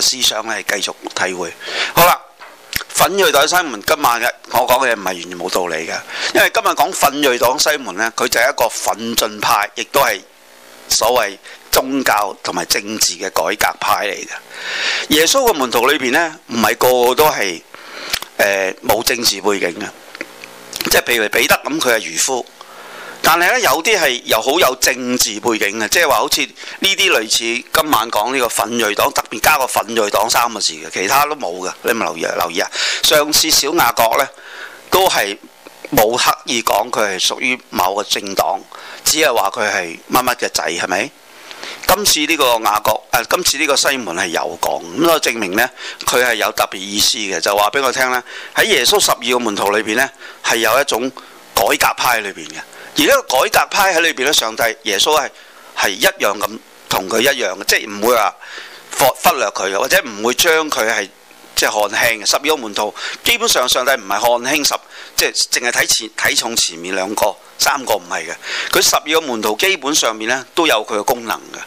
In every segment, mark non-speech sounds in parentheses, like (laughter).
思想咧係繼續體會。好啦，奮銳黨西門，今晚嘅我講嘅唔係完全冇道理嘅，因為今日講奮銳黨西門呢，佢就係一個奮進派，亦都係所謂宗教同埋政治嘅改革派嚟嘅。耶穌嘅門徒裏邊呢，唔係個個都係呃、冇政治背景嘅，即係譬如彼得咁，佢係漁夫。但係咧，有啲係又好有政治背景嘅，即係話好似呢啲類似今晚講呢個奮銳黨，特別加個奮銳黨三個字嘅，其他都冇嘅。你咪留意留意啊！上次小雅各呢，都係冇刻意講佢係屬於某個政黨，只係話佢係乜乜嘅仔係咪？今次呢個雅各誒、啊，今次呢個西門係有講咁，就證明呢，佢係有特別意思嘅，就話俾我聽咧，喺耶穌十二個門徒裏邊呢，係有一種改革派裏邊嘅。而呢個改革派喺裏邊咧，上帝耶穌係係一樣咁同佢一樣嘅，即係唔會話忽忽略佢嘅，或者唔會將佢係即係看輕嘅。十二個門徒基本上上帝唔係看輕十、即係淨係睇前睇重前面兩個三個唔係嘅。佢十二個門徒基本上面咧都有佢嘅功能嘅，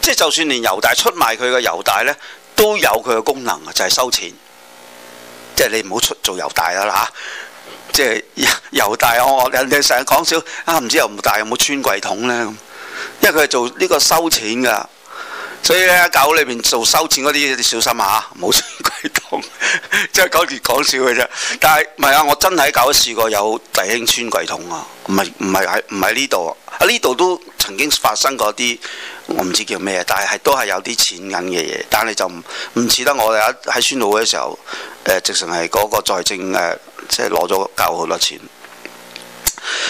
即係就算連猶大出賣佢嘅猶大咧都有佢嘅功能，就係收錢。即係你唔好出做猶大啦嚇。即係又大我人哋成日講笑，啊唔知又唔大有冇穿櫃桶咧咁，因為佢係做呢個收錢㗎，所以咧教會裏邊做收錢嗰啲，你小心吓，冇穿櫃桶， (laughs) 即係講住講笑嘅啫。但係唔係啊？我真係喺教會試過有弟兄穿櫃桶啊！唔係唔係喺唔喺呢度啊？喺呢度都曾經發生過啲。我唔知叫咩，但係都係有啲錢銀嘅嘢，但係就唔唔似得我哋喺宣道會嘅時候，呃、直成係嗰個財政誒、呃，即係攞咗夠好多錢。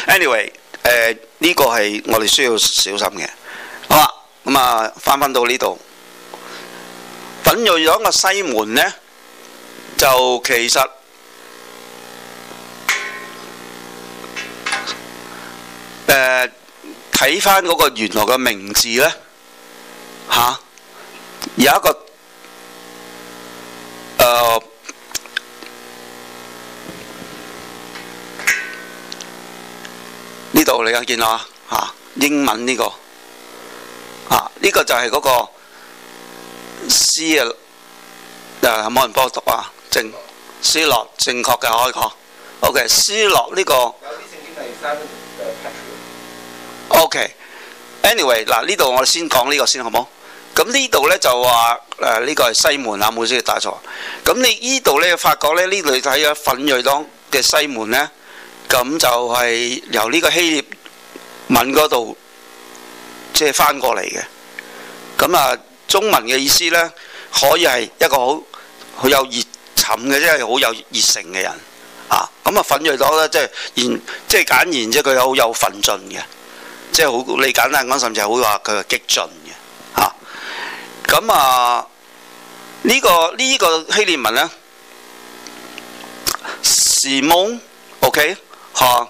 Anyway，呢、呃這個係我哋需要小心嘅。好啦，咁啊翻翻到呢度，奮銳黨嗰個西門呢，就其實誒睇翻嗰個原來嘅名字呢。嚇、啊！有一個誒呢度你有見啦吓英文呢，這個啊呢、這個就係，那個個 C 啊誒有冇人幫我讀啊正 C 落正確嘅開講 OK C 落呢個 OK Anyway 嗱呢度我哋先講呢個先好唔好？咁呢度咧就話誒呢個係西門啊，冇識嘅打錯。咁、啊、你依度咧發覺咧，呢裏睇咗奮銳黨嘅西門咧，咁、啊、就係、是、由呢個希臘文嗰度即係翻過嚟嘅。咁啊，中文嘅意思咧，可以係一個好好有熱忱嘅，即係好有熱誠嘅人啊。咁啊，奮銳黨咧即係言即係簡言，即係佢好有奮進嘅，即係好你簡單講，甚至係好話佢係激進。咁啊，這個這個，呢個呢個希臘文咧，Simon，OK，okay? 吓，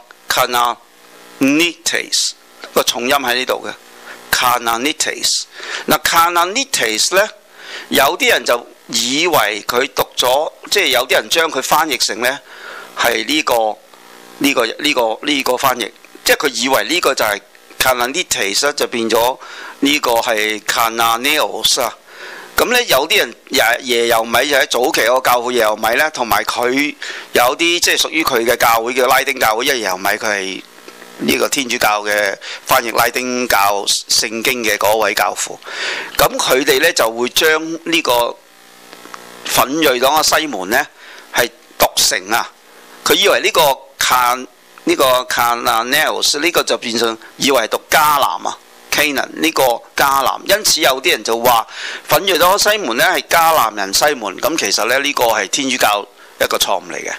Cananites 個重音喺呢度嘅，Cananites 嗱 Cananites 咧，有啲人就以為佢讀咗，即、就、係、是、有啲人將佢翻譯成咧，係呢、這個呢、這個呢、這個呢、這個翻譯，即係佢以為呢個就係、是。近啊啲其實就變咗呢個係 Kananaios 啊，咁咧有啲人耶柔米就喺早期個教會耶柔米咧，同埋佢有啲即係屬於佢嘅教會嘅拉丁教會，耶柔米佢係呢個天主教嘅翻譯拉丁教聖經嘅嗰位教父，咁佢哋咧就會將呢個奮銳黨嘅西門咧係讀成啊，佢以為呢個近。呢個 Canals 呢個就變成以為讀迦南啊，Canaan 呢個迦南，因此有啲人就話奮銳黨西門咧係迦南人西門，咁、嗯、其實咧呢、這個係天主教一個錯誤嚟嘅，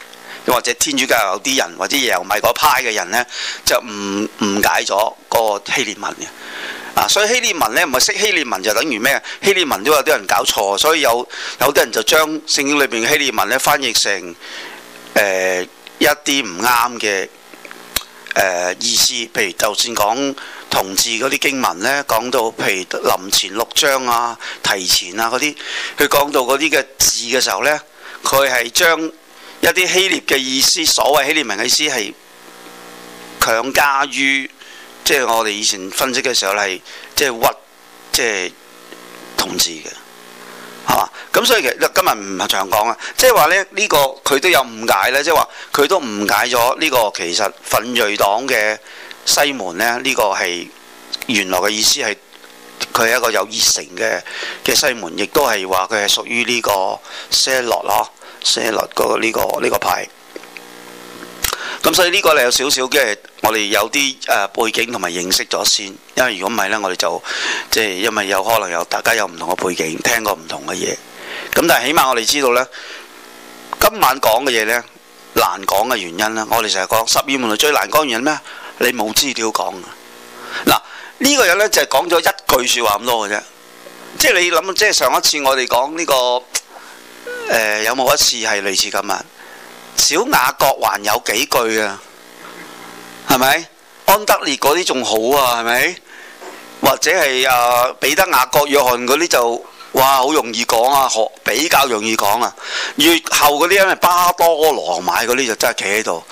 又或者天主教有啲人或者又唔係嗰派嘅人咧就誤誤解咗個希臘文嘅，啊，所以希臘文咧唔係識希臘文就等於咩？希臘文都有啲人搞錯，所以有有啲人就將聖經裏邊嘅希臘文咧翻譯成誒、呃、一啲唔啱嘅。誒、呃、意思，譬如就算講同志嗰啲經文咧，講到譬如臨前六章啊、提前啊嗰啲，佢講到嗰啲嘅字嘅時候咧，佢係將一啲希臘嘅意思，所謂希臘文嘅意思係強加於即係我哋以前分析嘅時候係即係屈即係同志嘅啊！咁、嗯、所以其實今日唔長講啊，即係話咧呢、呢個佢都有誤解咧，即係話佢都誤解咗呢個其實奮銳黨嘅西門咧，呢、呢個係原來嘅意思係佢係一個有熱誠嘅嘅西門，亦都係話佢係屬於呢、呢個社樂咯，社樂嗰呢個呢、呢個派。咁所以呢個咧有少少嘅，我哋有啲誒、呃、背景同埋認識咗先，因為如果唔係呢，我哋就即係因為有可能有大家有唔同嘅背景，聽過唔同嘅嘢。咁但係起碼我哋知道呢，今晚講嘅嘢呢，難講嘅原因咧，我哋成日講十二門徒最難講原因咩？你冇資料講。嗱，呢、呢個人呢，就係講咗一句説話咁多嘅啫，即係你諗，即係上一次我哋講呢個、呃、有冇一次係類似噉呀？小雅各還有幾句啊，係咪？安德烈嗰啲仲好啊，係咪？或者係誒，彼得、雅各、約翰嗰啲就哇好容易講啊，學比較容易講啊。越後嗰啲因為，巴多羅買嗰啲就真係企喺度，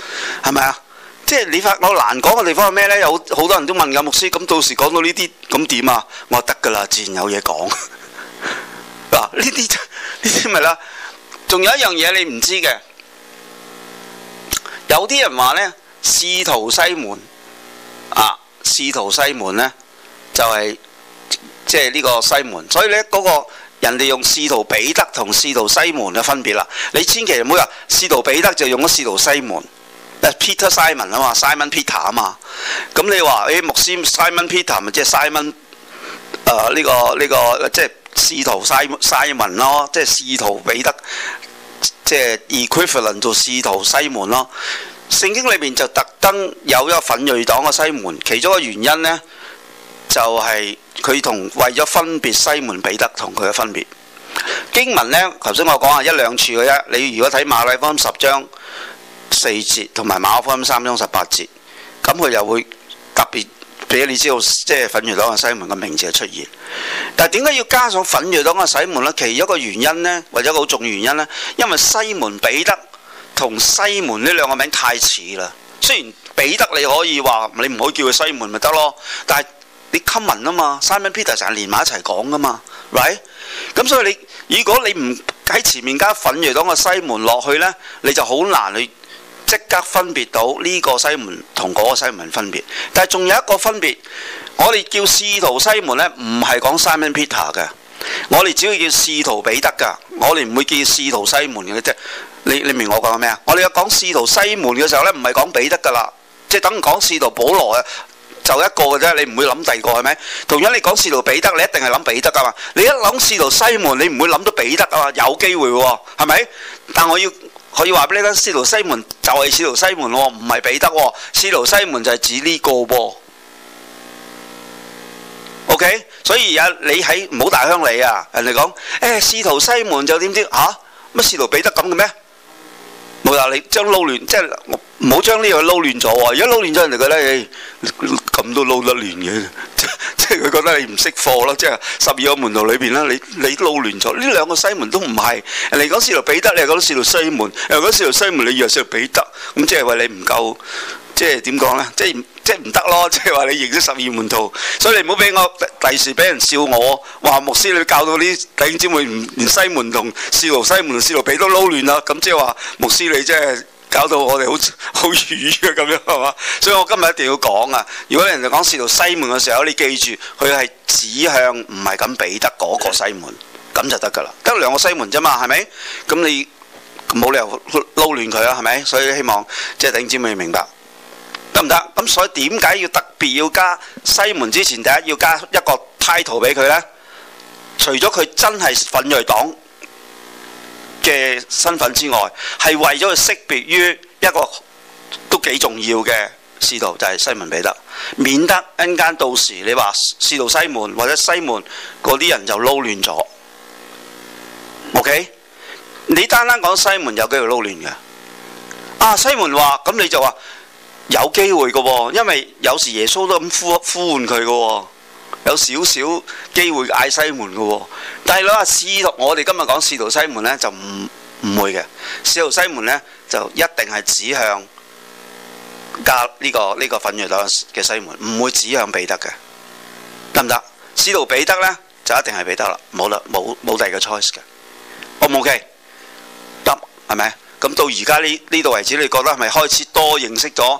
係咪啊？即係你發我難講嘅地方係咩呢？有好多人都問嘅牧師，咁到時講到呢啲咁點啊？我得㗎啦，自然有嘢講。嗱， (laughs) 呢啲就呢啲咪啦。仲有一樣嘢你唔知嘅。有啲人話呢，使徒西門啊，使徒西門呢，就係、是、即係呢個西門。所以呢，嗰、那個人哋用使徒彼得同使徒西門嘅分別啦。你千祈唔好話使徒彼得就用咗使徒西門，Peter Simon 啊嘛，Simon Peter 啊嘛。咁你話誒、哎、牧師 Simon Peter 咪、呃這個這個、即係 Simon 呢個呢個即係 Simon 咯，即係使徒彼得。即係 equivalent 做使徒西門咯，聖經裏面就特登有一個奮銳黨嘅西門，其中嘅原因呢，就係佢同為咗分別西門彼得同佢嘅分別。經文呢，頭先我講下一兩處嘅啫，你如果睇馬可福音十章四節，同埋馬可福音三章十八節，咁佢又會特別。畀你知道，即係奮銳黨嘅西門嘅名字係出現，但係點解要加上奮銳黨嘅西門咧？其中一個原因咧，或者一個好重原因咧，因為西門彼得同西門呢兩個名太似啦。雖然彼得你可以話你唔好叫佢西門咪得咯，但係你 common 啊嘛，Simon Peter 成日連埋一齊講噶嘛，係咪？咁所以你如果你唔喺前面加奮銳黨嘅西門落去咧，你就好難去。即刻分別到呢個西門同嗰個西門分別，但係仲有一個分別，我哋叫使徒西門呢，唔係講 Simon Peter 嘅，我哋只要叫使徒彼得噶，我哋唔會叫使徒西門嘅啫。你你明我講咩啊？我哋要講使徒西門嘅時候呢，唔係講彼得噶啦，即係等講使徒保羅啊，就一個嘅啫，你唔會諗第二個係咪？同樣你講使徒彼得，你一定係諗彼得噶嘛，你一諗使徒西門，你唔會諗到彼得噶嘛，有機會喎，係咪？但我要。可以話俾你聽，司徒西門就係司徒西門喎、哦，唔係彼得喎、哦。司徒西門就係指呢個噃、哦、OK？所以而、啊、家你喺唔好大鄉里啊，人哋講誒，司、欸、徒西門就點知嚇乜司徒彼得咁嘅咩？冇啦，你將撈亂，即係唔好將呢個撈亂咗喎、哦。一撈亂咗人哋覺得，咁、欸、都撈得亂嘅。 (laughs) 佢 (laughs) 覺得你唔識貨咯，即係十二個門徒裏邊啦，你你撈亂咗呢兩個西門都唔係人哋講使徒彼得，你又覺得使徒西門，人哋又講使徒西門，你以為使徒彼得，咁即係話你唔夠，即係點講呢？即係即係唔得咯，即係話你認識十二門徒，所以你唔好俾我第時俾人笑我話牧師你教到啲弟兄姊妹唔連西門同使徒西門同使徒彼得撈亂啦，咁即係話牧師你即係。搞到我哋好好瘀嘅咁樣係嘛，所以我今日一定要講啊！如果你人哋講使徒西門嘅時候，你記住佢係指向唔係咁彼得嗰個西門，咁就得㗎啦，得兩個西門啫嘛，係咪？咁你冇理由撈亂佢啊，係咪？所以希望即係頂尖咪明白得唔得？咁所以點解要特別要加西門之前第一要加一個 title 俾佢呢？除咗佢真係奮銳黨嘅身份之外，係為咗去識別於一個都幾重要嘅使徒，就係、是、西門彼得，免得間到時你話使徒西門或者西門嗰啲人就撈亂咗。OK，你單單講西門有機會撈亂嘅，啊西門話咁你就話有機會嘅、哦，因為有時耶穌都咁呼呼喚佢嘅、哦。有少少機會嗌西門嘅、哦，但係你話使徒，我哋今日講使徒西門呢，就唔唔會嘅，使徒西門呢，就一定係指向隔呢、這個呢、這個奮銳黨嘅西門，唔會指向彼得嘅，得唔得？使徒彼得呢，就一定係彼得啦，冇啦，冇冇第二個 choice 嘅，O 唔 OK？得係咪？咁、哦、到而家呢呢度為止，你覺得係咪開始多認識咗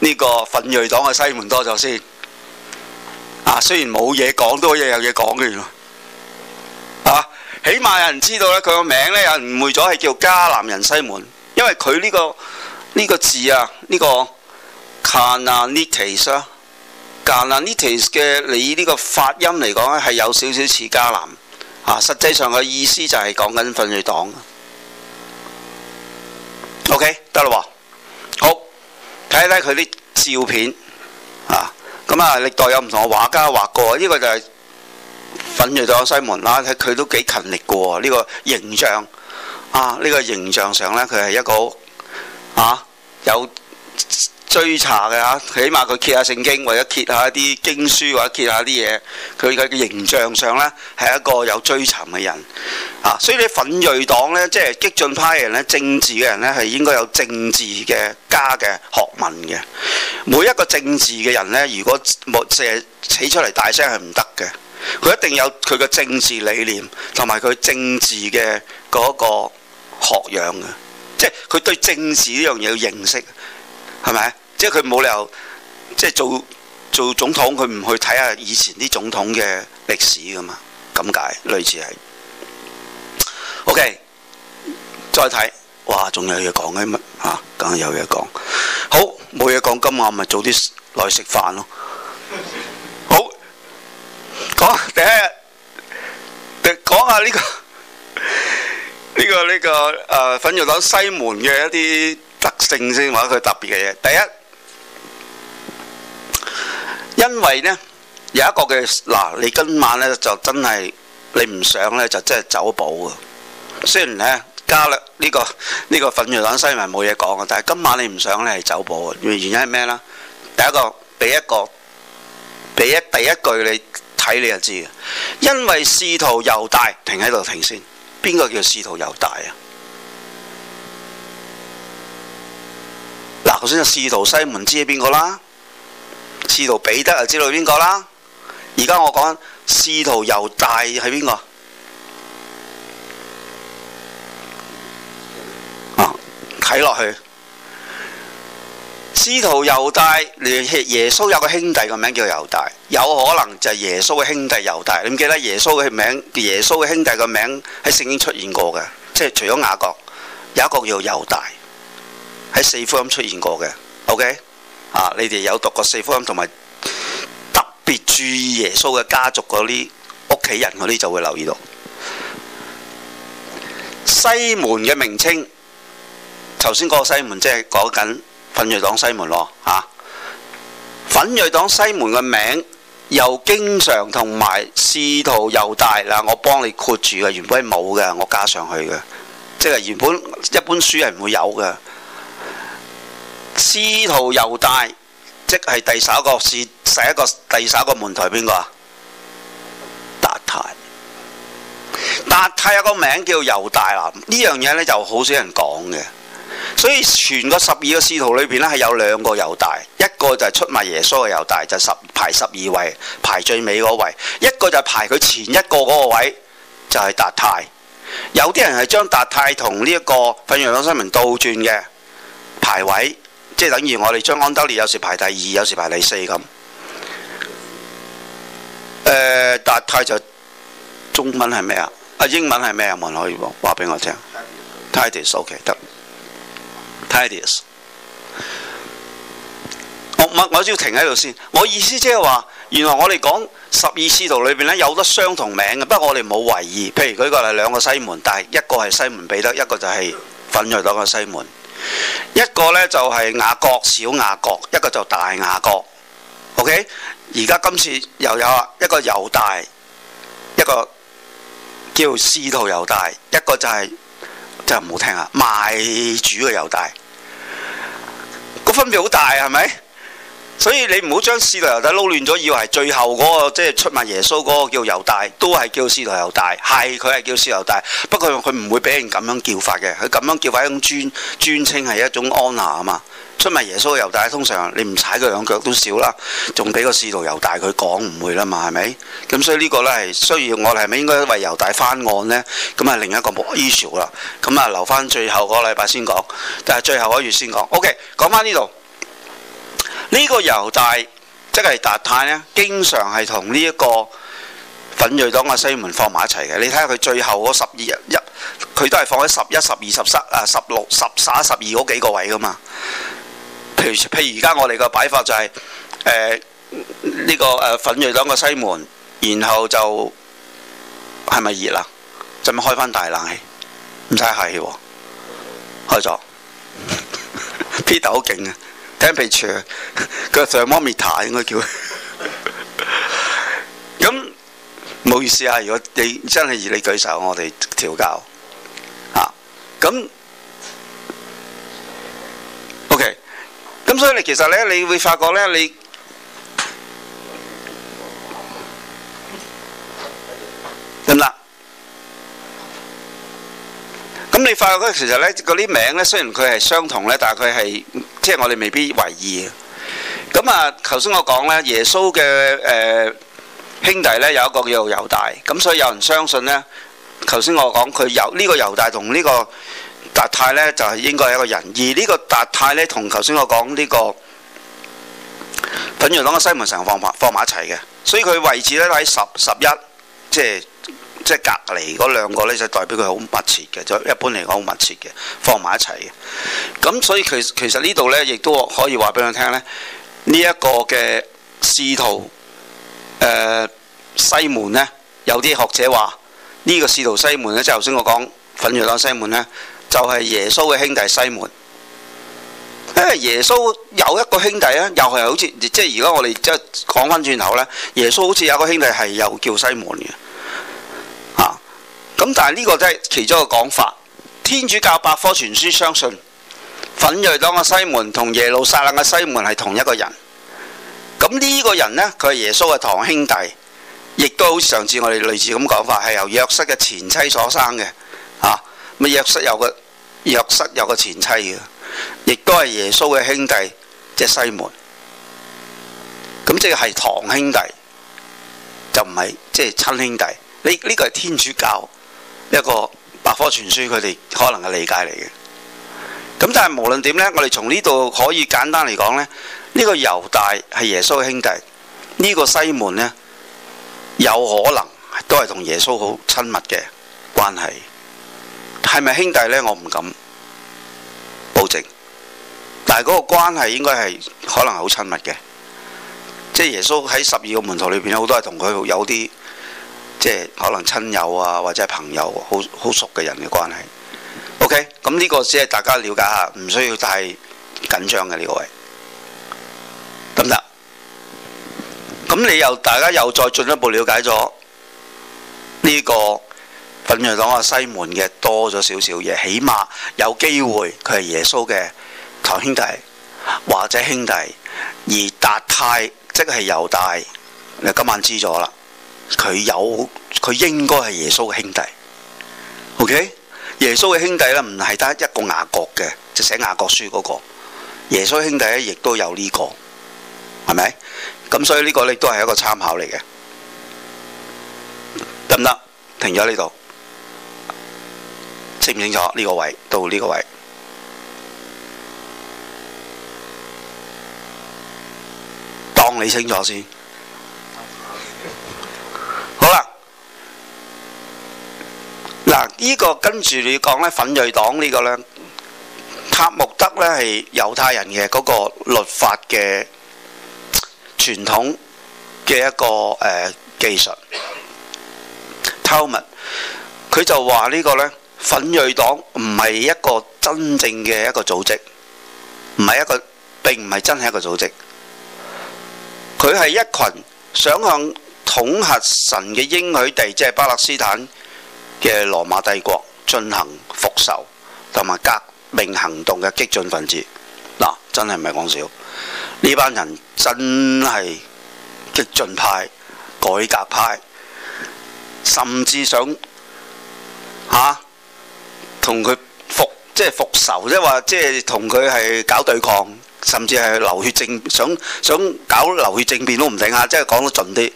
呢個奮銳黨嘅西門多咗先？啊，雖然冇嘢講，都亦有嘢講嘅啊，起碼有人知道咧，佢個名咧有人誤會咗係叫迦南人西門，因為佢呢、呢個呢、呢個字啊，呢、呢個 Cananites 啊 Cananites 嘅你呢個發音嚟講咧係有少少似迦南。啊，實際上嘅意思就係講緊奮銳黨。OK，得啦，好，睇睇佢啲照片。咁啊，歷代有唔同嘅畫家畫過，呢、這個就係奮銳黨西門啦。佢都幾勤力嘅喎，呢、這個形象啊，呢、這個形象上呢，佢係一個啊有。追查嘅嚇，起碼佢揭下聖經，或者揭一下一啲經書，或者揭一下啲嘢，佢嘅形象上咧係一個有追尋嘅人啊！所以你粉鋭黨咧，即係激進派人咧，政治嘅人咧係應該有政治嘅家嘅學問嘅。每一個政治嘅人咧，如果淨係出嚟大聲係唔得嘅，佢一定有佢嘅政治理念同埋佢政治嘅嗰個學養嘅，即係佢對政治呢樣嘢要認識。係咪？即係佢冇理由，即係做做總統，佢唔去睇下以前啲總統嘅歷史噶嘛？咁解，類似係。OK，再睇，哇，仲有嘢講緊乜？嚇，梗係有嘢講。好，冇嘢講，今晚咪早啲落去食飯咯。好，講第一日，講下呢個呢個呢個誒奮銳黨西門嘅一啲特性先或者佢特別嘅嘢，第一，因為呢有一個嘅，嗱，你今晚呢就真係你唔想呢就真係走寶啊。雖然呢加勒呢、呢個呢、呢個呢個奮銳黨西門冇嘢講啊，但係今晚你唔想呢係走寶嘅。原因係咩呢？第一個俾一個俾一第一句你睇你就知嘅，因為試圖又大停喺度停先，邊個叫試圖又大啊？先就使徒西門知係邊個啦，使徒彼得就知道係邊個啦，而家我講使徒猶大係邊個啊？睇落去，使徒猶大耶穌有個兄弟個名叫猶大，有可能就係耶穌嘅兄弟猶大。你唔記得耶穌嘅名？耶穌嘅兄弟個名喺聖經出現過嘅，即係除咗雅各，有一個叫猶大。喺四福音出現過嘅，OK 啊？你哋有讀過四福音，同埋特別注意耶穌嘅家族嗰啲屋企人嗰啲，就會留意到西門嘅名稱。頭先嗰個西門，即係講緊奮銳黨西門咯，嚇、啊、奮銳黨西門嘅名又經常同埋仕途又大嗱。我幫你括住嘅原本係冇嘅，我加上去嘅，即係原本一本書係唔會有嘅。師徒猶大，即係第十一個是，十一個、第十一，一個門徒係邊個啊？達太，達太有個名叫做猶大啦。呢樣嘢呢就好少人講嘅，所以全個十二個師徒裏邊呢，係有兩個猶大，一個就係出賣耶穌嘅猶大，就是、十排十二位排最尾嗰位；一個就係排佢前一個嗰個位，就係達太。有啲人係將達太同呢一個奮銳黨西門倒轉嘅排位。即係等於我哋將安德烈有時排第二，有時排第四咁。誒、呃，達太就中文係咩啊？啊，英文係咩啊？問可以喎，話俾、okay, 迪我聽。Tatius，OK，得。Tatius，我我我要停喺度先。我意思即係話，原來我哋講十二使徒裏邊呢，有得相同名嘅，不過我哋冇懷疑。譬如佢個係兩個西門，但係一個係西門彼得，一個就係奮銳黨嘅西門。一個呢就係雅各，小雅各，一個就大雅各，OK？而家今次又有啊一個猶大，一個叫司徒猶大，一個就係、是、真係唔好聽啊，賣主嘅猶大，個分別好大係咪？所以你唔好將使徒猶大撈亂咗，以為係最後嗰、那個即係、就是、出賣耶穌嗰個叫猶大，都係叫使徒猶大。係佢係叫使徒猶大。不過佢唔會俾人咁樣叫法嘅，佢咁樣叫法一種尊尊稱係一種 honour 啊嘛。出賣耶穌嘅猶大通常你唔踩佢兩腳都少啦，仲俾個使徒猶大。佢講唔會啦嘛，係咪？咁所以呢個呢，係需要我哋係咪應該為猶大翻案呢？咁啊另一個 issue 啦，咁啊留翻最後嗰個禮拜先講，但係最後嗰月先講。OK，講翻呢度。呢個猶大即係達太呢，經常係同呢一個奮銳黨嘅西門放埋一齊嘅。你睇下佢最後嗰十二日一，佢都係放喺十一、十二、十三啊、十六、十撒、十二嗰幾個位噶嘛。譬如譬如而家我哋嘅擺法就係誒呢個誒奮銳黨嘅西門，然後就係咪熱啊？就唔開翻大冷氣？唔使客氣喎，開咗。Peter 好勁啊！Temperature，佢就上 monitor 啊，應該叫佢。咁唔好意思啊！如果你真係以你舉手，我哋調教吓。咁 OK，咁所以你其實咧，你會發覺咧，你得唔得？咁你發覺其實呢，嗰啲名呢，雖然佢係相同呢，但係佢係即係我哋未必為意。咁啊，頭先我講呢，耶穌嘅誒兄弟呢，有一個叫做猶大，咁所以有人相信呢，頭先我講佢猶呢個猶大同呢個達太呢，就係應該係一個人，而呢個達太呢，同頭先我講呢、這個等如講嘅西門城放埋放埋一齊嘅，所以佢位置呢，喺十十一，即係。即係隔離嗰兩個咧，就是、代表佢好密切嘅，就是、一般嚟講好密切嘅，放埋一齊嘅。咁所以其其實呢度咧，亦都可以話俾我聽咧。呢、這、一個嘅使徒誒西門咧，有啲學者話呢、這個使徒西門咧，即係頭先我講奮銳黨西門咧，就係、是、耶穌嘅兄弟西門。因為耶穌有一個兄弟咧，又係好似即係如果我哋即係講翻轉頭咧，耶穌好似有一個兄弟係又叫西門嘅。咁但係呢個都係其中一個講法。天主教百科全書相信，奮銳黨嘅西門同耶路撒冷嘅西門係同一個人。咁呢個人呢，佢係耶穌嘅堂兄弟，亦都好似上次我哋類似咁講法，係由約瑟嘅前妻所生嘅。啊，咪約瑟有個約瑟有個前妻嘅，亦都係耶穌嘅兄弟，即係西門。咁即係係堂兄弟，就唔係即係親兄弟。呢呢個係天主教。一個百科全書，佢哋可能嘅理解嚟嘅。咁但係無論點呢，我哋從呢度可以簡單嚟講咧，呢個猶大係耶穌嘅兄弟，呢個西門呢，有可能都係同耶穌好親密嘅關係。係咪兄弟呢？我唔敢保證，但係嗰個關係應該係可能好親密嘅。即係耶穌喺十二個門徒裏邊，好多係同佢有啲。即係可能親友啊，或者係朋友，啊，好好熟嘅人嘅關係。OK，咁呢個只係大家了解下，唔需要太緊張嘅呢個位，得唔得？咁你又大家又再進一步了解咗呢、這個奮銳黨啊西門嘅多咗少少嘢，起碼有機會佢係耶穌嘅堂兄弟或者兄弟，而達太即係猶大，你今晚知咗啦。佢有佢應該係耶穌嘅兄弟，OK？耶穌嘅兄弟啦，唔係得一個雅各嘅，即寫雅各書嗰、那個。耶穌兄弟咧，亦都有呢、這個，係咪？咁所以呢個咧都係一個參考嚟嘅，得唔得？停咗呢度，清唔清楚呢、這個位到呢個位？當你清楚先。嗱，這個、呢個跟住你講咧，奮銳黨呢個呢，塔木德呢係猶太人嘅嗰、那個律法嘅傳統嘅一個誒、呃、技術偷密，佢就話呢個呢，奮銳黨唔係一個真正嘅一個組織，唔係一個並唔係真係一個組織，佢係一群想向統合神嘅應許地，即係巴勒斯坦。嘅羅馬帝國進行復仇同埋革命行動嘅激進分子，嗱、啊、真係唔係講笑，呢班人真係激進派、改革派，甚至想嚇同佢復即係復仇，即係話即係同佢係搞對抗，甚至係流血政，想想搞流血政變都唔定啊！即係講得盡啲。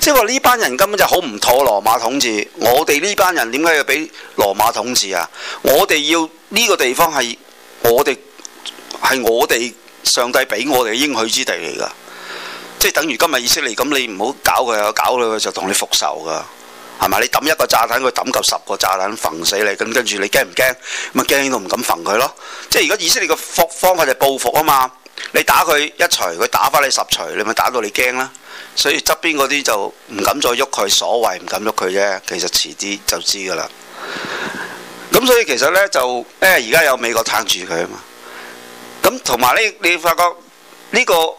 即係話呢班人根本就好唔妥羅馬統治，我哋呢班人點解要俾羅馬統治啊？我哋要呢、這個地方係我哋係我哋上帝俾我哋嘅應許之地嚟㗎，即係等於今日以色列咁，你唔好搞佢，搞佢就同你復仇㗎，係咪？你抌一個炸彈，佢抌夠十個炸彈，焚死你，咁跟住你驚唔驚？咁啊驚都唔敢焚佢咯。即係而家以色列個方法就報復啊嘛。你打佢一錘，佢打翻你十錘，你咪打到你驚啦。所以側邊嗰啲就唔敢再喐佢，所謂唔敢喐佢啫。其實遲啲就知噶啦。咁所以其實呢，就，誒而家有美國撐住佢啊嘛。咁同埋呢，你發覺呢個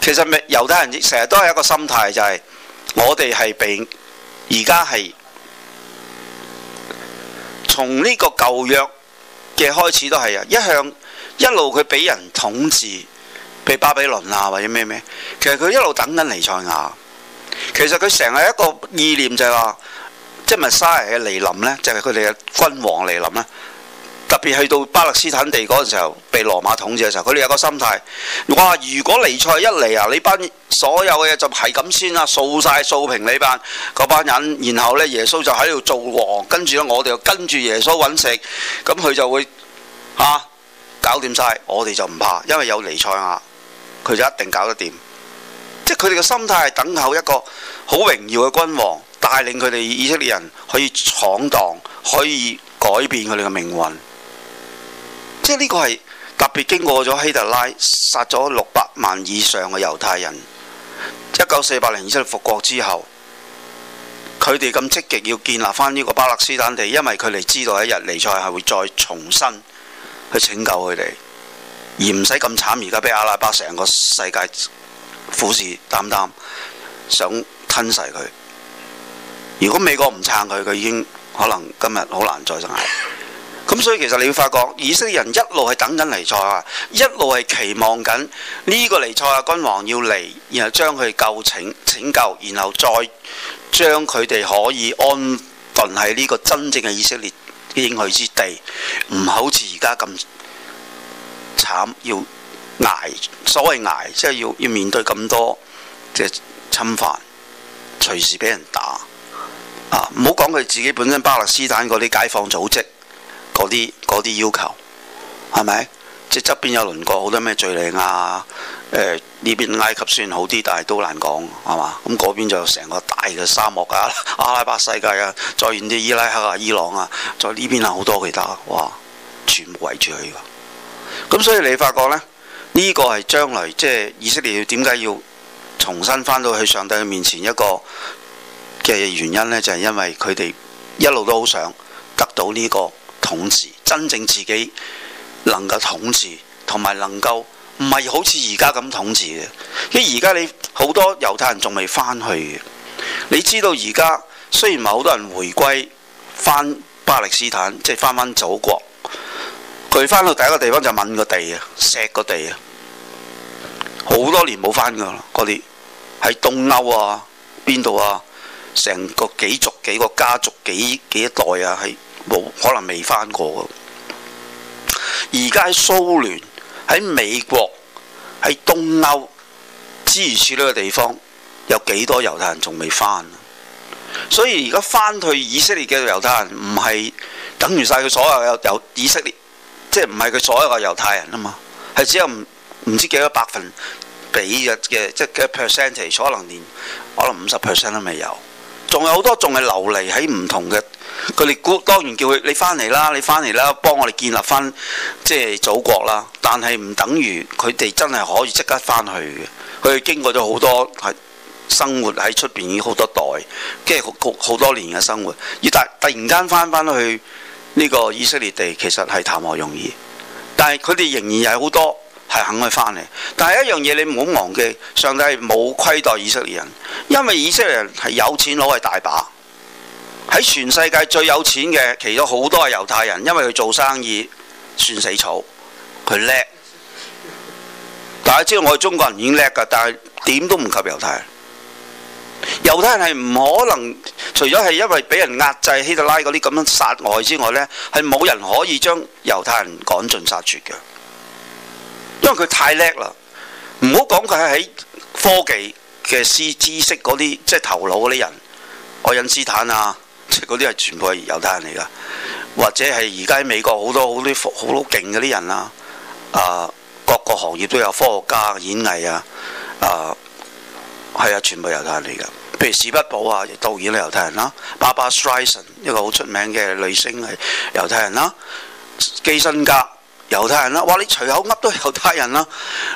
其實咪猶太人成日都係一個心態，就係我哋係被而家係從呢個舊約嘅開始都係啊，一向。一路佢俾人統治，俾巴比倫啊或者咩咩，其實佢一路等緊彌賽亞。其實佢成日一個意念就係話，即係彌賽亞嘅嚟臨呢，就係佢哋嘅君王嚟臨咧。特別去到巴勒斯坦地嗰陣時候，被羅馬統治嘅時候，佢哋有個心態：哇！如果彌賽亞嚟啊，你班所有嘅嘢就係咁先啊，掃晒掃平你班嗰班人，然後呢，耶穌就喺度做王，跟住咧我哋就跟住耶穌揾食，咁佢就會嚇。啊。搞掂晒，我哋就唔怕，因為有尼賽亞，佢就一定搞得掂。即係佢哋嘅心態係等候一個好榮耀嘅君王，帶領佢哋以色列人可以闖蕩，可以改變佢哋嘅命運。即係呢個係特別經過咗希特拉殺咗六百萬以上嘅猶太人，一九四八年以色列復國之後，佢哋咁積極要建立翻呢個巴勒斯坦地，因為佢哋知道一日尼賽亞會再重生。去拯救佢哋，而唔使咁慘。而家俾阿拉伯成個世界虎視眈眈，想吞曬佢。如果美國唔撐佢，佢已經可能今日好難再生起。咁 (laughs) 所以其實你會發覺，以色列人一路係等緊彌賽亞，一路係期望緊呢、這個彌賽亞君王要嚟，然後將佢救請拯救，然後再將佢哋可以安頓喺呢個真正嘅以色列。應許之地，唔好似而家咁慘，要捱。所謂捱，即係要要面對咁多嘅侵犯，隨時俾人打。啊，唔好講佢自己本身巴勒斯坦嗰啲解放組織嗰啲啲要求，係咪？即係側邊有輪過好多咩敍利亞。誒呢邊埃及算好啲，但係都難講係嘛？咁嗰邊就成個大嘅沙漠啊，啊，阿拉伯世界啊，再遠啲伊拉克啊、伊朗啊，再呢邊啊好多其他，哇！全部圍住佢㗎。咁所以你發覺呢，呢個係將來即係以色列點解要重新翻到去上帝面前一個嘅原因呢？就係因為佢哋一路都好想得到呢個統治，真正自己能夠統治同埋能夠。唔係好似而家咁統治嘅，因為而家你好多猶太人仲未翻去嘅。你知道而家雖然唔係好多人回歸翻巴勒斯坦，即係翻翻祖國，佢翻到第一個地方就問個地，個地啊、錫個地啊，好多年冇翻過啦。嗰啲喺東歐啊、邊度啊，成個幾族幾個家族幾幾代啊，係冇可能未翻過嘅。而家喺蘇聯。喺美國、喺東歐諸如此類呢個地方，有幾多猶太人仲未翻？所以而家翻去以色列嘅猶太人，唔係等於晒佢所有嘅猶以色列，即係唔係佢所有嘅猶太人啊嘛？係只有唔唔知幾多百分比嘅，即係嘅 percentage，可能連可能五十 percent 都未有。仲有好多仲係流離喺唔同嘅，佢哋估當然叫佢你返嚟啦，你返嚟啦，幫我哋建立翻即係祖國啦。但係唔等於佢哋真係可以即刻返去嘅，佢哋經過咗好多係生活喺出邊已經好多代，即係好好多年嘅生活，而突突然間返返去呢個以色列地，其實係談何容易？但係佢哋仍然係好多。係肯去翻嚟，但係一樣嘢你唔好忘記，上帝係冇虧待以色列人，因為以色列人係有錢攞嚟大把，喺全世界最有錢嘅，其中好多係猶太人，因為佢做生意算死草，佢叻。大家知道我哋中國人，已經叻㗎，但係點都唔及猶太人。猶太人係唔可能，除咗係因為俾人壓制希特拉嗰啲咁樣殺外之外呢，係冇人可以將猶太人趕盡殺絕嘅。因為佢太叻啦，唔好講佢喺科技嘅知知識嗰啲，即係頭腦嗰啲人，愛因斯坦啊，即係嗰啲係全部係猶太人嚟噶。或者係而家美國好多好多好勁嗰啲人啦、啊，啊，各個行業都有科學家、演藝啊，啊，係啊，全部猶太人嚟噶。譬如史匹堡啊，導演係猶太人啦、啊。芭芭拉史翠珊一個好出名嘅女星係猶太人啦、啊。基辛格。猶太人啦，哇！你隨口噏都猶太人啦，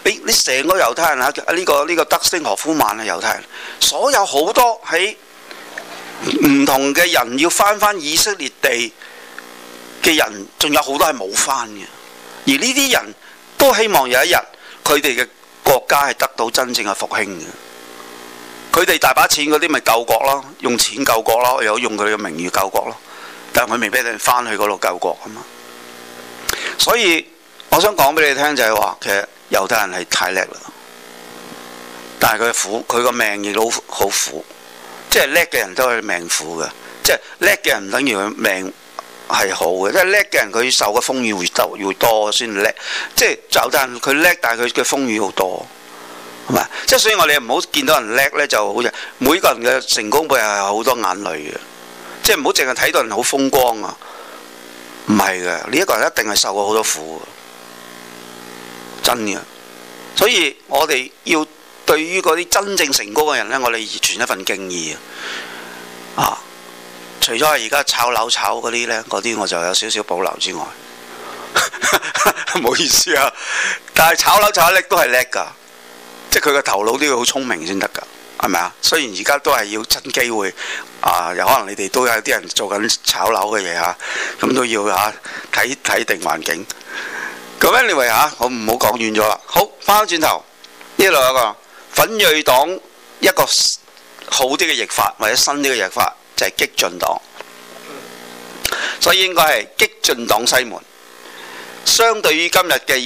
你你成個猶太人啊！呢個呢個德星何夫曼啊，猶太人，所有好多喺唔同嘅人要翻翻以色列地嘅人，仲有好多係冇翻嘅。而呢啲人都希望有一日佢哋嘅國家係得到真正嘅復興嘅。佢哋大把錢嗰啲咪救國咯，用錢救國咯，有用佢嘅名譽救國咯。但係佢未必得翻去嗰度救國啊嘛。所以我想講俾你聽就係話，其實猶太人係太叻啦，但係佢苦，佢個命亦都好苦。即係叻嘅人都係命苦嘅，即係叻嘅人唔等於佢命係好嘅，即係叻嘅人佢受嘅風雨會鬥要多先叻。即係猶太人佢叻，但係佢嘅風雨好多，係咪？即係所以我哋唔好見到人叻咧就好似，每個人嘅成功背後係好多眼淚嘅，即係唔好淨係睇到人好風光啊！唔係嘅，呢一個人一定係受過好多苦真嘅。所以我哋要對於嗰啲真正成功嘅人呢，我哋存一份敬意啊。除咗而家炒樓炒嗰啲呢，嗰啲我就有少少保留之外，唔 (laughs) 好意思啊。但係炒樓炒得叻都係叻㗎，即係佢個頭腦都要好聰明先得㗎。係咪啊？雖然而家都係要趁機會啊！又可能你哋都有啲人做緊炒樓嘅嘢嚇，咁、啊、都要嚇睇睇定環境。咁 Anyway 嚇、啊，我唔好講遠咗啦。好，翻返轉頭呢度有個奮銳黨一個好啲嘅譯法，或者新啲嘅譯法，就係、是、激進黨。所以應該係激進黨西門，相對於今日嘅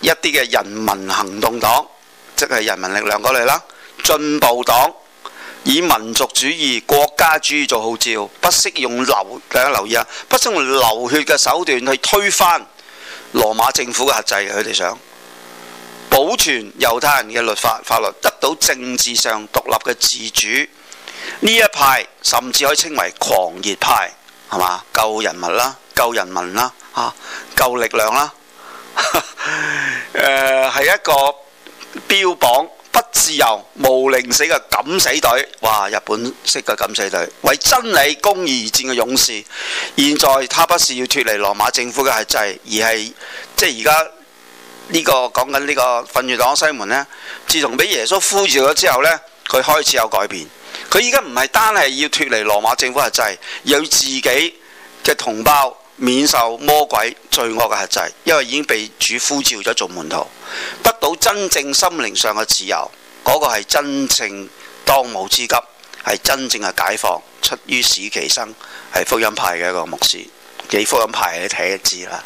一啲嘅人民行動黨，即、就、係、是、人民力量過嚟啦。奮銳黨以民族主義、國家主義做號召，不惜用流大家留意啊！不惜流血嘅手段去推翻羅馬政府嘅核制，佢哋想保存猶太人嘅律法、法律，得到政治上獨立嘅自主。呢一派甚至可以稱為狂熱派，係嘛？救人民啦，救人民啦，嚇、啊，救力量啦。誒、 (laughs) 呃，係一個標榜。不自由、無寧死嘅敢死隊，哇！日本式嘅敢死隊，為真理、公義而戰嘅勇士。現在他不是要脱離羅馬政府嘅轄制，而係即係而家呢個講緊、這、呢個奮銳黨西門呢，自從俾耶穌呼召咗之後呢，佢開始有改變。佢依家唔係單係要脱離羅馬政府嘅轄制，又要自己嘅同胞。免受魔鬼罪惡嘅限制，因為已經被主呼召咗做門徒，得到真正心靈上嘅自由，嗰、嗰個係真正當務之急，係真正嘅解放。出于死期生，係福音派嘅一個牧師，幾福音派你睇一知啦。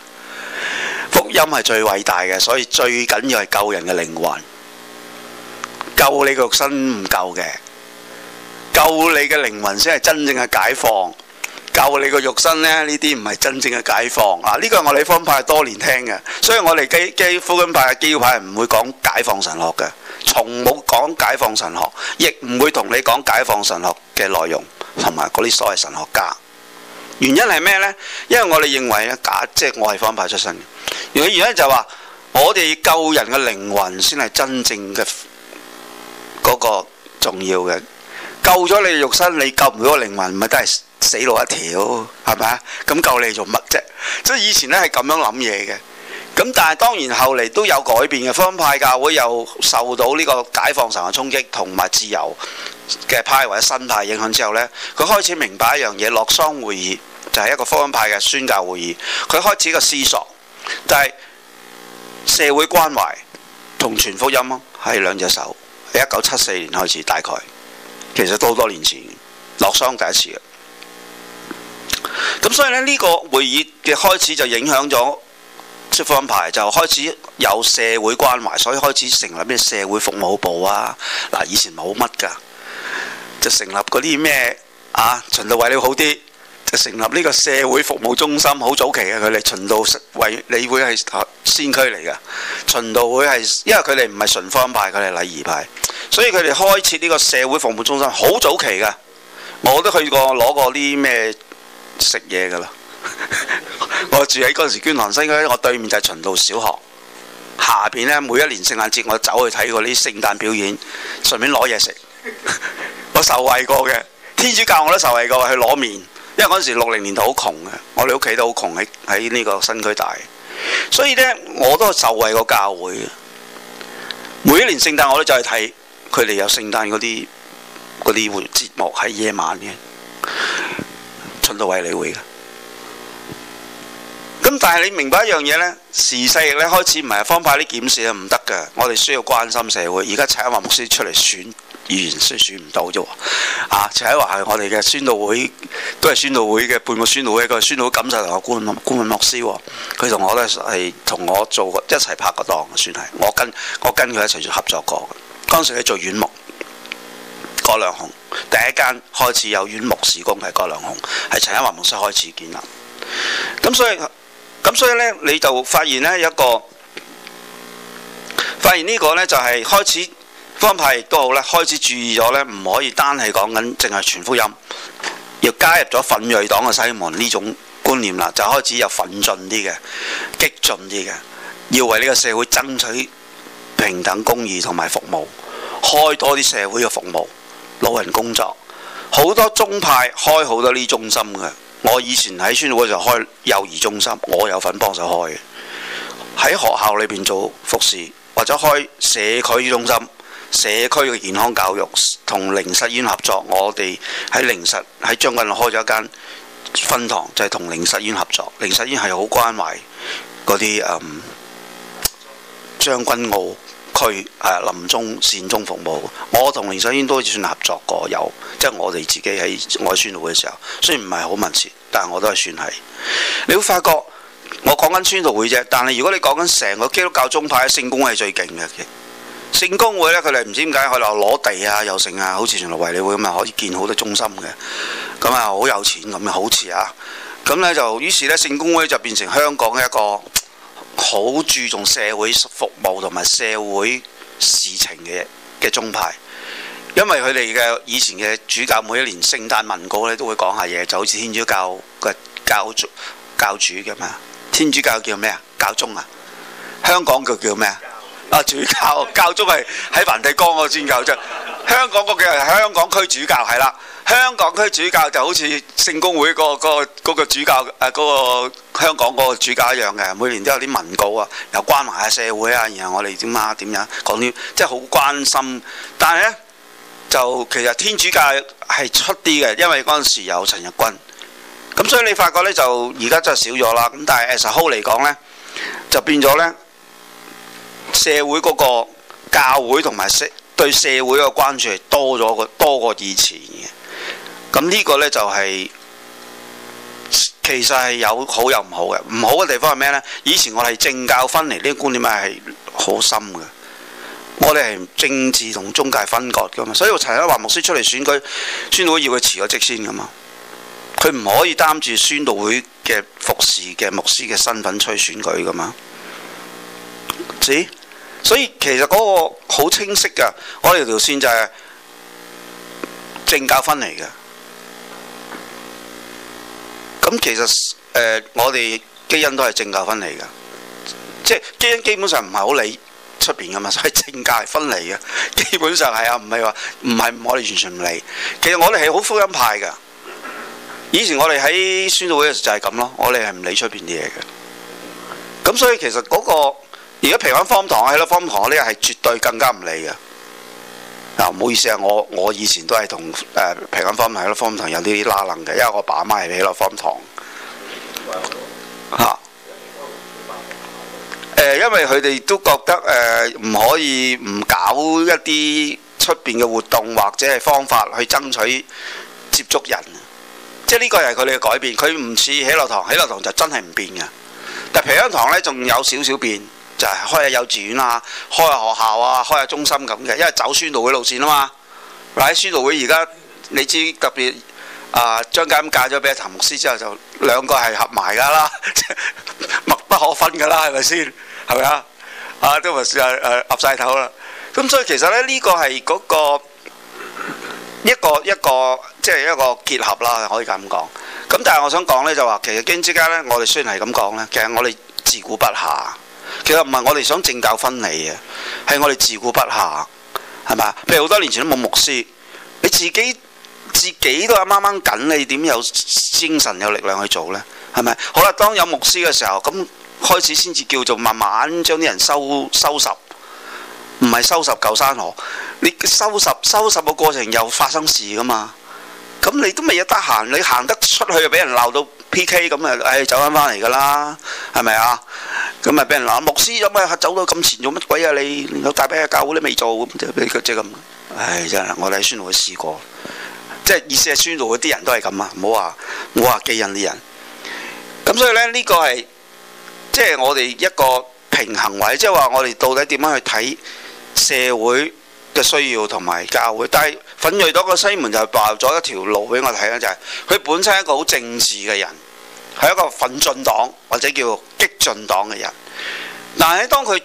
福音係最偉大嘅，所以最緊要係救人嘅靈魂，救你個身唔救嘅，救你嘅靈魂先係真正嘅解放。救你個肉身呢？呢啲唔係真正嘅解放啊！呢個係我哋方派多年聽嘅，所以我哋基基福音派、基要派唔會講解放神學嘅，從冇講解放神學，亦唔會同你講解放神學嘅內容同埋嗰啲所謂神學家。原因係咩呢？因為我哋認為呢，假即係我係方派出身。原因就係話，我哋救人嘅靈魂先係真正嘅嗰個重要嘅。救咗你肉身，你救唔到個靈魂，咪都係死路一條，係咪啊？咁救你做乜啫？即係以前咧係咁樣諗嘢嘅。咁但係當然後嚟都有改變嘅福音派教會，又受到呢個解放神嘅衝擊同埋自由嘅派或者新派影響之後呢，佢開始明白一樣嘢。洛桑會議就係、是、一個福音派嘅宣教會議，佢開始一個思索就係、是、社會關懷同全福音咯，係兩隻手。喺一九七四年開始大概。其實都好多年前洛桑第一次咁，所以呢，呢、這個會議嘅開始就影響咗，出貨品牌就開始有社會關懷，所以開始成立咩社會服務部啊，嗱以前冇乜噶，就成立嗰啲咩啊，盡量為了好啲。就成立呢個社會服務中心，好早期嘅佢哋循道衛理會係先驅嚟嘅。循道會係因為佢哋唔係純方派，佢哋禮儀派，所以佢哋開設呢個社會服務中心好早期嘅。我都去過攞過啲咩食嘢㗎啦。 (laughs) 我住喺嗰陣時觀塘新區，我對面就係循道小學。下邊呢，每一年聖誕節，我走去睇過啲聖誕表演，順便攞嘢食。 (laughs) 我受惠過嘅，天主教我都受惠過，去攞麵。因為嗰陣時六零年代好窮嘅，我哋屋企都好窮，喺喺呢個新區大，所以呢我都受惠個教會。每一年聖誕我都就係睇佢哋有聖誕嗰啲嗰啲活節目喺夜晚嘅，春到會你會嘅。咁但係你明白一樣嘢呢，時勢亦咧開始唔係方法啲檢視啦，唔得噶。我哋需要關心社會。而家請阿華牧師出嚟選。語言雖算唔到啫喎，啊！陳一華係我哋嘅宣道會，都係宣道會嘅半個宣道會，佢係宣道感受型嘅官官員牧師。佢同我咧係同我做過一齊拍個檔，算係我跟我跟佢一齊合作過。當時咧做院牧，郭亮雄第一間開始有院牧事工嘅郭亮雄，係陳一華牧師開始建立。咁所以咁所以咧你就發現呢一個發現呢個呢就係、是、開始。方派都好咧，開始注意咗咧，唔可以單係講緊淨係傳福音，要加入咗奮銳黨嘅西門呢種觀念啦，就開始有奮進啲嘅、激進啲嘅，要為呢個社會爭取平等公義同埋服務，開多啲社會嘅服務，老人工作，好多宗派開好多呢中心嘅。我以前喺宣道就開幼兒中心，我有份幫手開嘅，喺學校裏邊做服侍，或者開社區中心。社區嘅健康教育同靈實院合作，我哋喺靈實喺將軍澳開咗一間分堂，就係同靈實院合作。靈實院係好關懷嗰啲嗯，將軍澳區誒，臨終善終服務。我同靈實院都算合作過，有即係、就是、我哋自己喺愛宣道會嘅時候，雖然唔係好密切，但係我都係算係。你會發覺我講緊宣道會啫，但係如果你講緊成個基督教宗派，聖公係最勁嘅。聖公會咧，佢哋唔知點解，佢哋攞地啊，又成啊，好似原來衛理會咁啊，可以建好多中心嘅，咁啊好有錢咁啊，好似啊，咁咧就於是咧，聖公會就變成香港一個好注重社會服務同埋社會事情嘅嘅宗派，因為佢哋嘅以前嘅主教每一年聖誕文告咧都會講下嘢，就好似天主教嘅教教主咁啊，天主教叫咩啊？教宗啊，香港佢叫咩啊？啊！主教教宗係喺梵蒂岡，嗰個主教啫。香港嗰個叫香港區主教，係啦。香港區主教就好似聖公會嗰、嗰個嗰、嗰個、主教誒嗰、呃嗰個香港嗰個主教一樣嘅。每年都有啲文告啊，又關埋下社會啊，然後我哋點啊點樣，樣講啲，即係好關心。但係呢，就其實天主教係出啲嘅，因為嗰陣時有陳日君。咁所以你發覺呢，就而家就少咗啦。咁但係 As a whole 嚟講呢，就變咗呢。社會嗰個教會同埋社對社會嘅關注係多咗個多過以前嘅，咁呢個呢，就係、係、其實係有好有唔好嘅。唔好嘅地方係咩呢？以前我係政教分離呢、這個觀念係好深嘅，我哋係政治同中介分割㗎嘛。所以陳一華牧師出嚟選舉宣道會要佢辭咗職先㗎嘛，佢唔可以擔住宣道會嘅服侍嘅牧師嘅身份出去選舉㗎嘛。止，所以其實嗰個好清晰噶，我哋條線就係政教分離噶。咁其實誒、呃，我哋基因都係政教分離噶，即係基因基本上唔係好理出邊噶嘛，所以政教分離嘅，基本上係啊，唔係話唔係我哋完全唔理。其實我哋係好福音派噶，以前我哋喺宣道會嘅時候就係咁咯，我哋係唔理出邊啲嘢嘅。咁所以其實嗰、嗰個。如果平安方堂喺係方堂呢啲係絕對更加唔理嘅嗱。唔、呃、好意思啊，我我以前都係同誒平安方喺咯，方堂有啲拉能嘅，因為我爸媽係喺落方堂嚇誒，啊、因為佢哋都覺得誒唔、呃、可以唔搞一啲出邊嘅活動或者係方法去爭取接觸人，即係呢個係佢哋嘅改變。佢唔似喜樂堂，喜樂堂就真係唔變嘅，但平安堂呢，仲有少少變。就係開下幼稚園啊，開下學校啊，開下中心咁嘅，因為走宣道會路線啊嘛。嗱，喺宣道會而家你知特別啊、呃，張家欣嫁咗俾阿譚牧師之後，就兩個係合埋噶啦，即係密不可分噶啦，係咪先？係咪啊？啊，都咪誒誒岌晒頭啦。咁、呃、所以其實咧，呢、這個係嗰、那個一個一個即係、就是、一個結合啦，可以咁講。咁但係我想講咧，就話其實基恩之間咧，我哋雖然係咁講咧，其實我哋自顧不暇。其實唔係我哋想政教分離嘅，係我哋自顧不暇，係咪？譬如好多年前都冇牧師，你自己自己都有掹掹緊，你點有精神有力量去做呢？係咪？好啦，當有牧師嘅時候，咁開始先至叫做慢慢將啲人收收拾，唔係收拾舊山河。你收拾收拾個過程又發生事㗎嘛？咁你都未有得閒，你行得出去就俾人鬧到。P.K. 咁、哎、啊，唉，走翻翻嚟噶啦，係咪啊？咁啊，俾人鬧牧師咁啊，走到咁前做乜鬼啊你？有大嘅教會都未做咁，即係即係咁。係真係，我哋喺宣道試過，即係意思係宣道嗰啲人都係咁啊！唔好話唔好話基恩啲人。咁所以咧，呢、這個係即係我哋一個平衡位，即係話我哋到底點樣去睇社會？嘅需要同埋教會，但係奮銳黨嘅西門就爆咗一條路俾我睇啦，就係、是、佢本身係一個好政治嘅人，係一個奮銳黨或者叫激進黨嘅人，但係當佢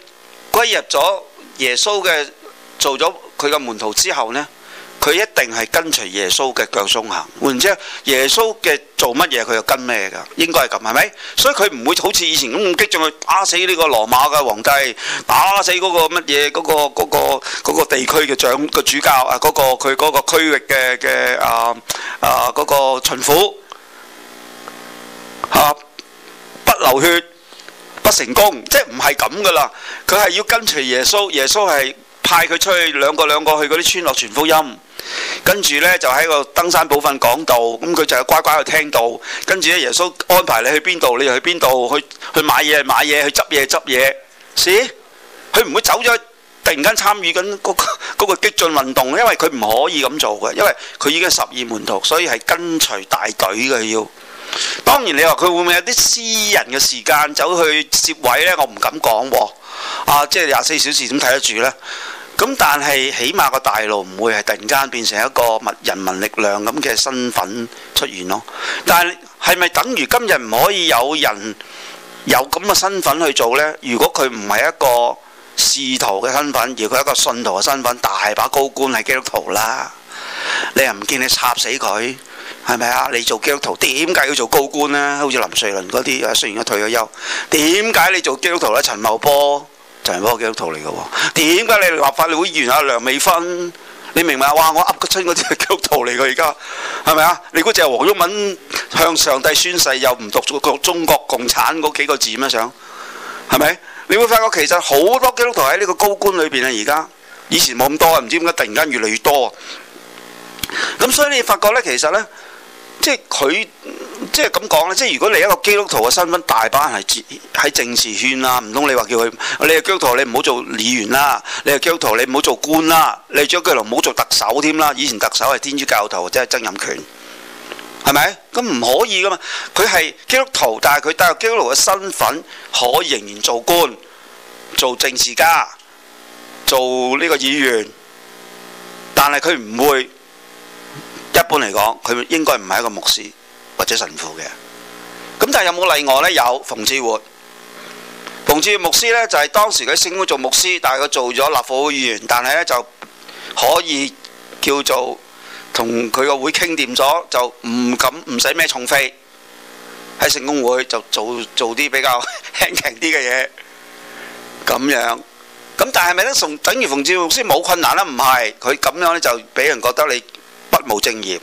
歸入咗耶穌嘅，做咗佢嘅門徒之後呢。佢一定係跟隨耶穌嘅腳蹤行，換之，耶穌嘅做乜嘢，佢就跟咩㗎，應該係咁，係咪？所以佢唔會好似以前咁激進去打死呢個羅馬嘅皇帝，打死嗰個乜嘢嗰個嗰個嗰個地區嘅長嘅主教啊，嗰個佢嗰個區域嘅嘅啊啊嗰個巡撫吓，不流血不成功，即係唔係咁㗎啦？佢係要跟隨耶穌，耶穌係。派佢出去兩個兩個去嗰啲村落傳福音，跟住呢就喺個登山寶訓講道，咁、嗯、佢就乖乖去聽到，跟住咧耶穌安排你去邊度，你就去邊度，去去買嘢買嘢，去執嘢執嘢，佢唔會走咗，突然間參與緊、那、嗰、個那個激進運動，因為佢唔可以咁做嘅，因為佢已經十二門徒，所以係跟隨大隊嘅要。當然你話佢會唔會有啲私人嘅時間走去攝位呢？我唔敢講，啊，即係廿四小時點睇得住呢？咁但係起碼個大陸唔會係突然間變成一個民人民力量咁嘅身份出現咯。但係係咪等於今日唔可以有人有咁嘅身份去做呢？如果佢唔係一個仕途嘅身份，而佢係一個信徒嘅身份，大把高官係基督徒啦。你又唔見你插死佢，係咪啊？你做基督徒點解要做高官呢？好似林瑞麟嗰啲，雖然佢退咗休，點解你做基督徒呢？陳茂波。就係嗰基督徒嚟嘅喎，點解你立法會議員阿、啊、梁美芬，你明唔明啊？哇！我噏個親嗰啲係基督徒嚟嘅，而家，係咪啊？你估隻係黃毓民向上帝宣誓又唔讀中國共產嗰幾個字咩？想係咪？你會發覺其實好多基督徒喺呢個高官裏邊啊！而家以前冇咁多，啊，唔知點解突然間越嚟越多啊！咁所以你發覺呢，其實呢。即係佢，即係咁講啦。即係如果你一個基督徒嘅身份，大班係喺政治圈啊，唔通你話叫佢你係基督徒，你唔好做議員啦、啊，你係基督徒，你唔好做官啦、啊，你係基督徒，唔好做特首添、啊、啦。以前特首係天主教徒，或者係曾蔭權，係咪？咁唔可以噶嘛。佢係基督徒，但係佢帶有基督徒嘅身份，可以仍然做官、做政治家、做呢個議員，但係佢唔會。一般嚟講，佢應該唔係一個牧師或者神父嘅。咁但係有冇例外咧？有馮智活、馮智活牧師咧，就係當時喺聖公會做牧師，但係佢做咗立法會議員，但係咧就可以叫做同佢個會傾掂咗，就唔敢唔使咩重費喺聖公會就做做啲比較輕輕啲嘅嘢咁樣。咁但係咪咧？等於馮智活牧師冇困難咧？唔係佢咁樣咧，就俾人覺得你。不務正業，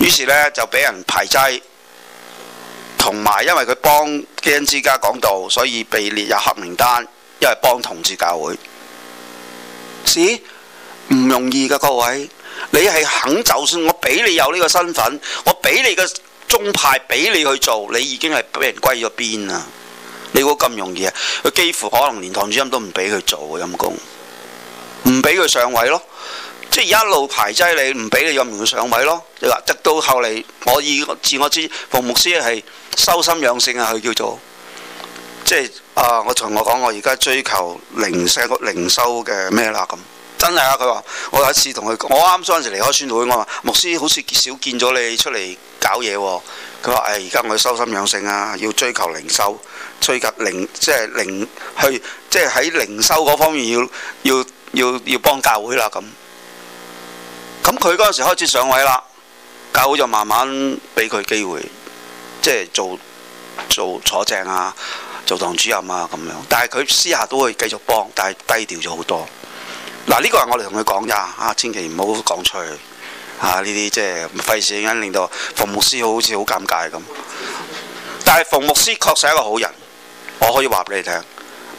於是呢，就俾人排擠，同埋因為佢幫基恩之家講道，所以被列入黑名單。因為幫同志教會，係唔容易嘅。各位，你係肯就算我俾你有呢個身份，我俾你嘅宗派俾你去做，你已經係俾人歸咗邊啦。你估咁容易啊？佢幾乎可能連堂主任都唔俾佢做，陰功，唔俾佢上位咯。即係一路排擠你，唔俾你入門上位咯。你話直到後嚟，我以自我知馮牧師係修心養性啊。佢叫做即係啊、呃！我同我講，我而家追求靈性靈修嘅咩啦咁真係啊！佢話我有一次同佢，我啱啱嗰陣時離開宣道會，我話牧師好似少見咗你出嚟搞嘢喎、啊。佢話：誒而家我修心養性啊，要追求靈修，追求靈即係靈，即靈去即係喺靈修嗰方面要要要要幫教會啦咁。咁佢嗰陣時開始上位啦，教會就慢慢俾佢機會，即係做做坐正啊，做堂主任啊咁樣。但係佢私下都會繼續幫，但係低調咗好多。嗱、啊、呢、呢個係我哋同佢講咋嚇，千祈唔好講出去嚇。呢啲即係費事而家令到馮牧師好似好尷尬咁。但係馮牧師確實係一個好人，我可以話俾你聽。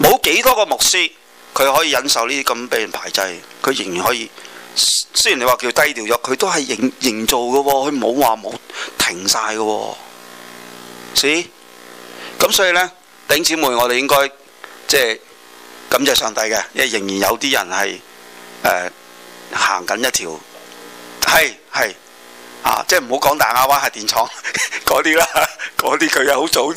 冇幾多個牧師，佢可以忍受呢啲咁俾人排擠，佢仍然可以。雖然你話叫低調咗，佢都係營營造嘅喎，哦，佢冇話冇停晒嘅喎，是，咁所以呢，頂姊妹我哋應該即係感謝上帝嘅，因為仍然有啲人係誒行緊一條係係啊，即係唔好講大亞灣核電廠嗰啲啦，嗰啲佢又好早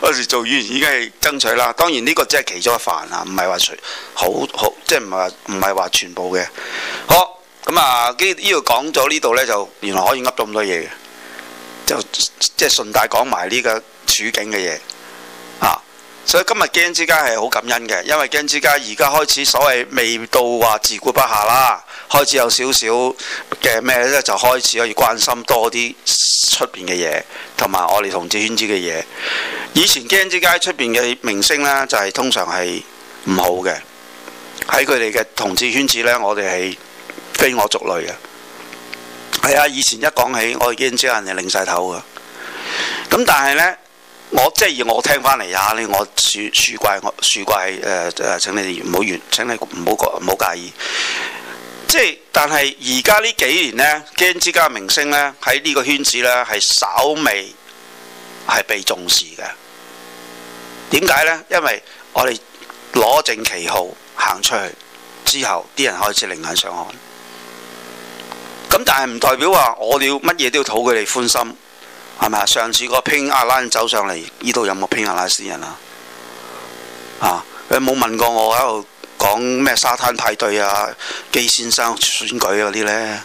嗰時做語言已經係爭取啦。當然呢個即係其中一番啊，唔係話隨好好即係唔係話唔係話全部嘅，好。咁啊，呢度講咗呢度呢，就原來可以噏咗咁多嘢嘅，就即係順帶講埋呢個處境嘅嘢啊。所以今日基恩之家係好感恩嘅，因為基恩之家而家開始所謂未到話自顧不暇啦，開始有少少嘅咩呢？就開始可以關心多啲出邊嘅嘢，同埋我哋同志圈子嘅嘢。以前基恩之家出邊嘅明星呢，就係、是、通常係唔好嘅，喺佢哋嘅同志圈子呢，我哋係。非我族類嘅係啊！以前一講起，我已經知人哋擰晒頭噶。咁但係呢，我即係而我聽翻嚟呀！你我樹樹怪，我樹怪誒誒、呃，請你唔好完，請你唔好唔好介意。即係但係而家呢幾年呢，基恩之家明星呢，喺呢個圈子呢，係稍微係被重視嘅。點解呢？因為我哋攞正旗號行出去之後，啲人開始另眼相看。咁但係唔代表話我哋乜嘢都要討佢哋歡心，係咪啊？上次個拼亞拉走上嚟，呢度有冇拼亞拉斯人啊？啊，你冇問過我喺度講咩沙灘派對啊，基先生選舉嗰啲咧。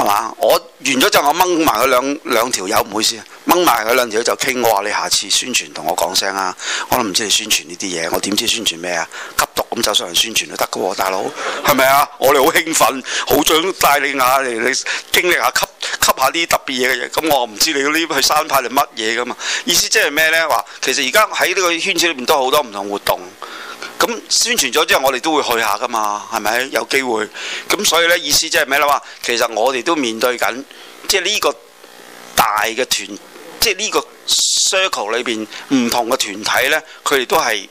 係嘛？我完咗之後，我掹埋佢兩兩條友唔好意思，掹埋佢兩條友就傾。我話你下次宣傳同我講聲啊，我都唔知你宣傳呢啲嘢，我點知宣傳咩啊？吸毒咁就上嚟宣傳都得噶喎，大佬，係咪啊？我哋好興奮，好想帶你啊嚟，你經歷下吸吸下啲特別嘢嘅嘢。咁我唔知你呢啲去山派定乜嘢噶嘛？意思即係咩呢？話其實而家喺呢個圈子裏面都有好多唔同活動。咁宣傳咗之後，我哋都會去下噶嘛，係咪有機會？咁所以呢意思即係咩啦？哇，其實我哋都面對緊，即係呢個大嘅團，即係呢個 circle 裏邊唔同嘅團體呢，佢哋都係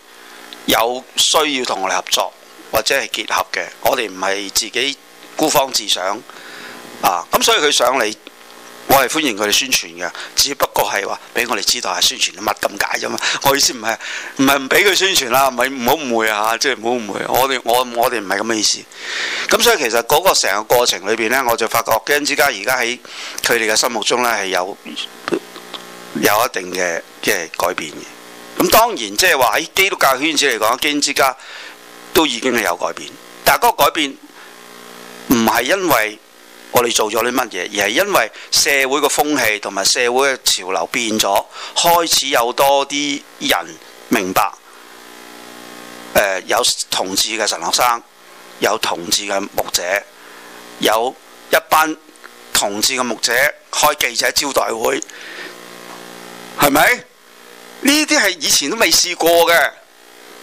有需要同我哋合作或者係結合嘅。我哋唔係自己孤芳自賞啊！咁所以佢上嚟。我係歡迎佢哋宣傳嘅，只不過係話俾我哋知道係宣傳乜咁解啫嘛。我意思唔係唔係唔俾佢宣傳啦，唔係唔好誤會啊！即係唔好誤會，我哋我我哋唔係咁嘅意思。咁所以其實嗰個成個過程裏邊呢，我就發覺基恩之家而家喺佢哋嘅心目中呢，係有有一定嘅即係改變嘅。咁當然即係話喺基督教圈子嚟講，基恩之家都已經係有改變，但係嗰個改變唔係因為。我哋做咗啲乜嘢？而係因為社會嘅風氣同埋社會嘅潮流變咗，開始有多啲人明白誒、呃，有同志嘅神學生，有同志嘅牧者，有一班同志嘅牧者開記者招待會，係咪？呢啲係以前都未試過嘅。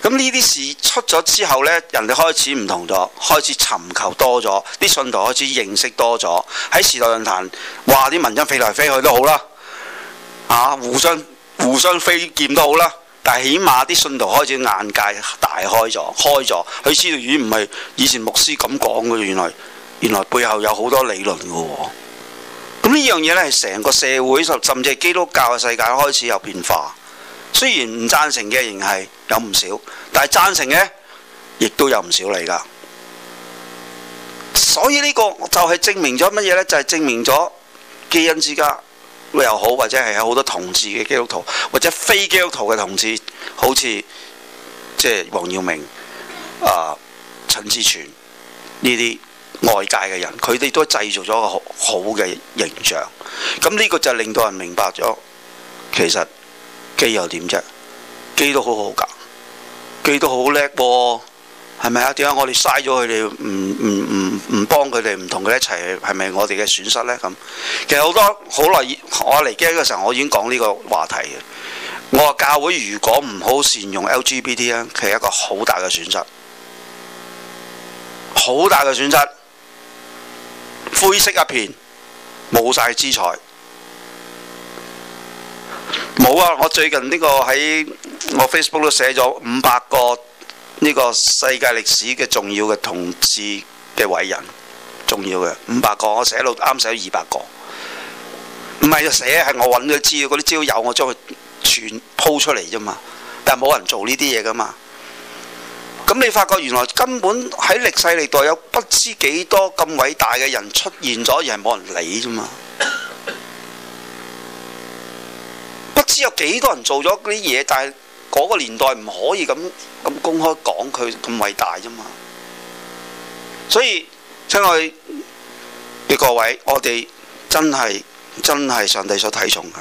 咁呢啲事出咗之後呢，人哋開始唔同咗，開始尋求多咗，啲信徒開始認識多咗。喺 (noise) 時代論壇話啲文章飛嚟飛去都好啦，啊，互相互相飛劍都好啦。但係起碼啲信徒開始眼界大開咗，開咗，佢知道咦，唔係以前牧師咁講嘅，原來原來背後有好多理論嘅、哦。咁呢樣嘢呢，係成個社會甚至係基督教嘅世界開始有變化。雖然唔贊成嘅仍係有唔少，但係贊成嘅亦都有唔少嚟㗎。所以呢個就係證明咗乜嘢呢？就係、是、證明咗基恩之家又好，或者係有好多同志嘅基督徒，或者非基督徒嘅同志，好似即係黃耀明、啊、呃、陳志全呢啲外界嘅人，佢哋都製造咗個好好嘅形象。咁呢個就令到人明白咗，其實。基又點啫？基都好好㗎，基都好叻喎，係咪啊？點解、啊、我哋嘥咗佢哋？唔唔唔唔幫佢哋，唔同佢一齊，係咪我哋嘅損失咧？咁其實好多好耐，我嚟基嘅時候，我已經講呢個話題嘅。我話教會如果唔好善用 LGBT 咧，其實一個好大嘅損失，好大嘅損失，灰色一片，冇晒姿采。冇啊！我最近呢個喺我 Facebook 都寫咗五百個呢個世界歷史嘅重要嘅同志嘅偉人，重要嘅五百個，我寫到啱寫到二百個。唔係就寫，係我揾咗資料，嗰啲資料有我將，我將佢全 po 出嚟啫嘛。但係冇人做呢啲嘢噶嘛。咁你發覺原來根本喺歷世歷代有不知幾多咁偉大嘅人出現咗，而係冇人理啫嘛。知有幾多人做咗啲嘢，但係嗰個年代唔可以咁咁公開講佢咁偉大啫嘛。所以，親愛嘅各位，我哋真係真係上帝所睇重噶。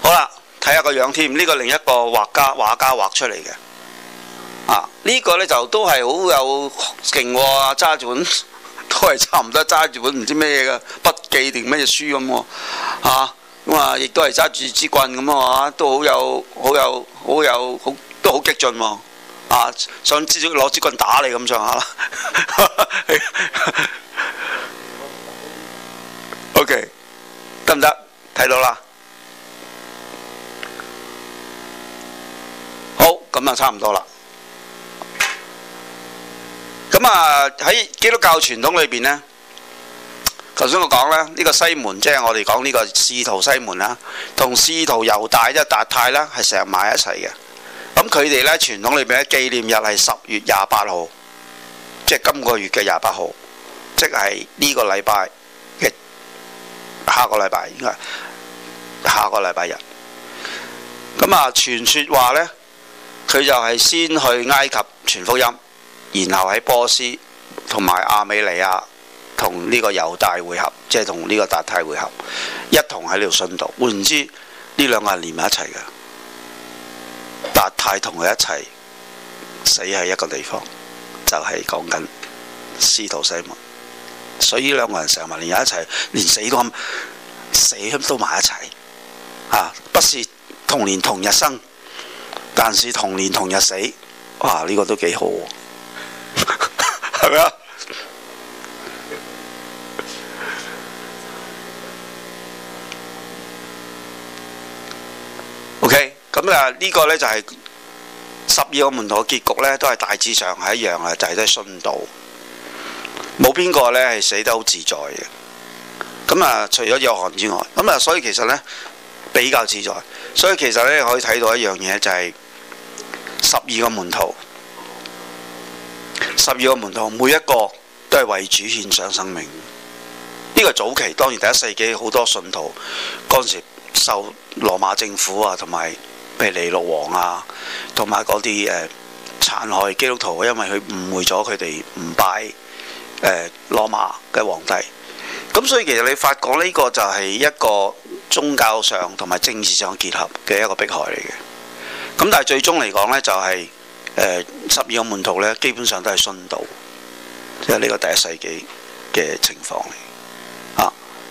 好啦，睇下個樣添，呢個另一個畫家，畫家畫出嚟嘅。啊，呢個呢就都係好有勁喎，揸住本都係差唔多揸住本唔知咩嘢嘅筆記定咩嘢書咁喎，啊咁啊，亦都係揸住支棍咁啊，都好有、好有、好有、好都好激進喎！啊，啊，想至少攞支棍打你咁上下啦。啊、 (laughs) (laughs) OK，得唔得？睇到啦，好，咁啊，差唔多啦。咁啊，喺基督教傳統裏邊呢。頭先我講啦，呢個西門即係我哋講呢個司徒西門啦，同司徒猶大即係達太啦，係成日埋一齊嘅。咁佢哋咧傳統裏邊嘅紀念日係十月廿八號，即係今個月嘅廿八號，即係呢個禮拜嘅下個禮拜，應該下個禮拜日。咁啊，傳説話咧，佢就係先去埃及傳福音，然後喺波斯同埋亞美尼亞。同呢個猶大會合，即係同呢個達太會合，一同喺呢度殉道。換言之，呢兩個人連埋一齊嘅。達太同佢一齊死喺一個地方，就係講緊司徒西門。所以呢兩個人成日連埋一齊，連死都咁死都埋一齊。嚇、啊！不是同年同日生，但是同年同日死。哇！呢、這個都幾好，係咪啊？ (laughs) 咁啊，呢個呢，就係十二個門徒結局呢，都係大致上係一樣嘅，就係、是、都係殉道，冇邊個呢係死得好自在嘅。咁啊，除咗約翰之外，咁啊，所以其實呢，比較自在。所以其實呢，可以睇到一樣嘢，就係十二個門徒，十二個門徒每一個都係為主獻上生命。呢、這個早期，當然第一世紀好多信徒嗰陣時受羅馬政府啊同埋。譬如尼祿王啊，同埋嗰啲誒殘害基督徒，因為佢誤會咗佢哋唔拜誒羅馬嘅皇帝。咁所以其實你發覺呢個就係一個宗教上同埋政治上結合嘅一個迫害嚟嘅。咁但係最終嚟講呢，就係、是、誒、呃、十二個門徒呢，基本上都係殉道，即係呢個第一世紀嘅情況嚟。